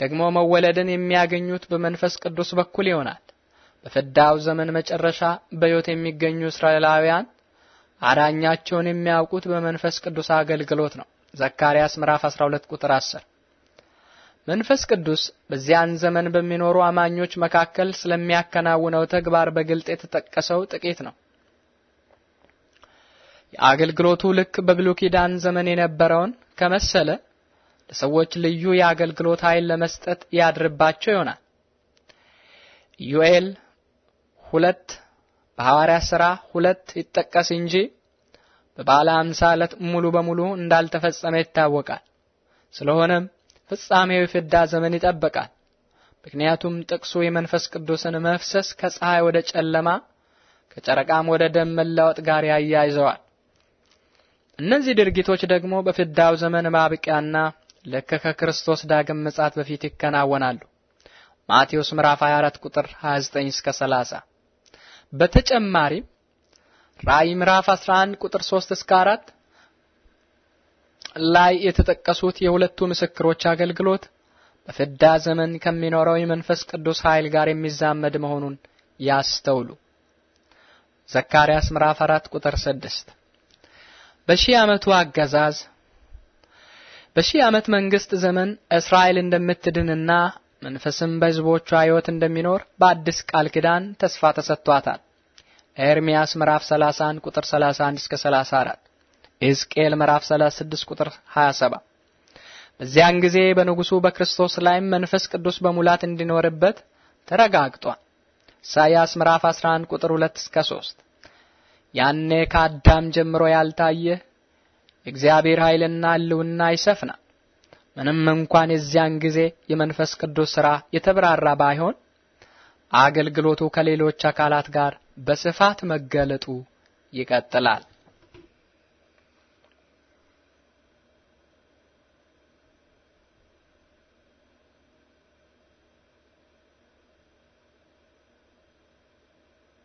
ደግሞ መወለድን የሚያገኙት በመንፈስ ቅዱስ በኩል ይሆናል። በፍዳው ዘመን መጨረሻ በሕይወት የሚገኙ እስራኤላውያን አዳኛቸውን የሚያውቁት በመንፈስ ቅዱስ አገልግሎት ነው። ዘካርያስ ምዕራፍ 12 ቁጥር 10 መንፈስ ቅዱስ በዚያን ዘመን በሚኖሩ አማኞች መካከል ስለሚያከናውነው ተግባር በግልጥ የተጠቀሰው ጥቂት ነው። የአገልግሎቱ ልክ በብሉይ ኪዳን ዘመን የነበረውን ከመሰለ ለሰዎች ልዩ የአገልግሎት ኃይል ለመስጠት ያድርባቸው ይሆናል። ዩኤል ሁለት በሐዋርያ ሥራ ሁለት ይጠቀስ እንጂ በባለ አምሳ ዕለት ሙሉ በሙሉ እንዳልተፈጸመ ይታወቃል። ስለሆነም ፍጻሜው የፍዳ ዘመን ይጠበቃል። ምክንያቱም ጥቅሱ የመንፈስ ቅዱስን መፍሰስ ከፀሐይ ወደ ጨለማ ከጨረቃም ወደ ደም መለወጥ ጋር ያያይዘዋል። እነዚህ ድርጊቶች ደግሞ በፍዳው ዘመን ማብቂያና ልክ ከክርስቶስ ዳግም ምጽአት በፊት ይከናወናሉ። ማቴዎስ ምዕራፍ 24 ቁጥር 29 እስከ 30። በተጨማሪም ራእይ ምዕራፍ 11 ቁጥር 3 እስከ 4 ላይ የተጠቀሱት የሁለቱ ምስክሮች አገልግሎት በፍዳ ዘመን ከሚኖረው የመንፈስ ቅዱስ ኃይል ጋር የሚዛመድ መሆኑን ያስተውሉ። ዘካርያስ ምዕራፍ 4 ቁጥር 6 በሺህ ዓመቱ አገዛዝ በሺህ ዓመት መንግስት ዘመን እስራኤል እንደምትድንና መንፈስም በሕዝቦቿ ሕይወት እንደሚኖር በአዲስ ቃል ኪዳን ተስፋ ተሰጥቷታል። ኤርሚያስ ምዕራፍ 31 ቁጥር 31 እስከ 34 ኤዝቅኤል ምዕራፍ 36 ቁጥር 27። በዚያን ጊዜ በንጉሱ በክርስቶስ ላይም መንፈስ ቅዱስ በሙላት እንዲኖርበት ተረጋግጧል። ኢሳይያስ ምዕራፍ 11 ቁጥር 2 እስከ 3። ያኔ ከአዳም ጀምሮ ያልታየ የእግዚአብሔር ኃይልና ልውና ይሰፍናል። ምንም እንኳን የዚያን ጊዜ የመንፈስ ቅዱስ ሥራ የተብራራ ባይሆን አገልግሎቱ ከሌሎች አካላት ጋር በስፋት መገለጡ ይቀጥላል።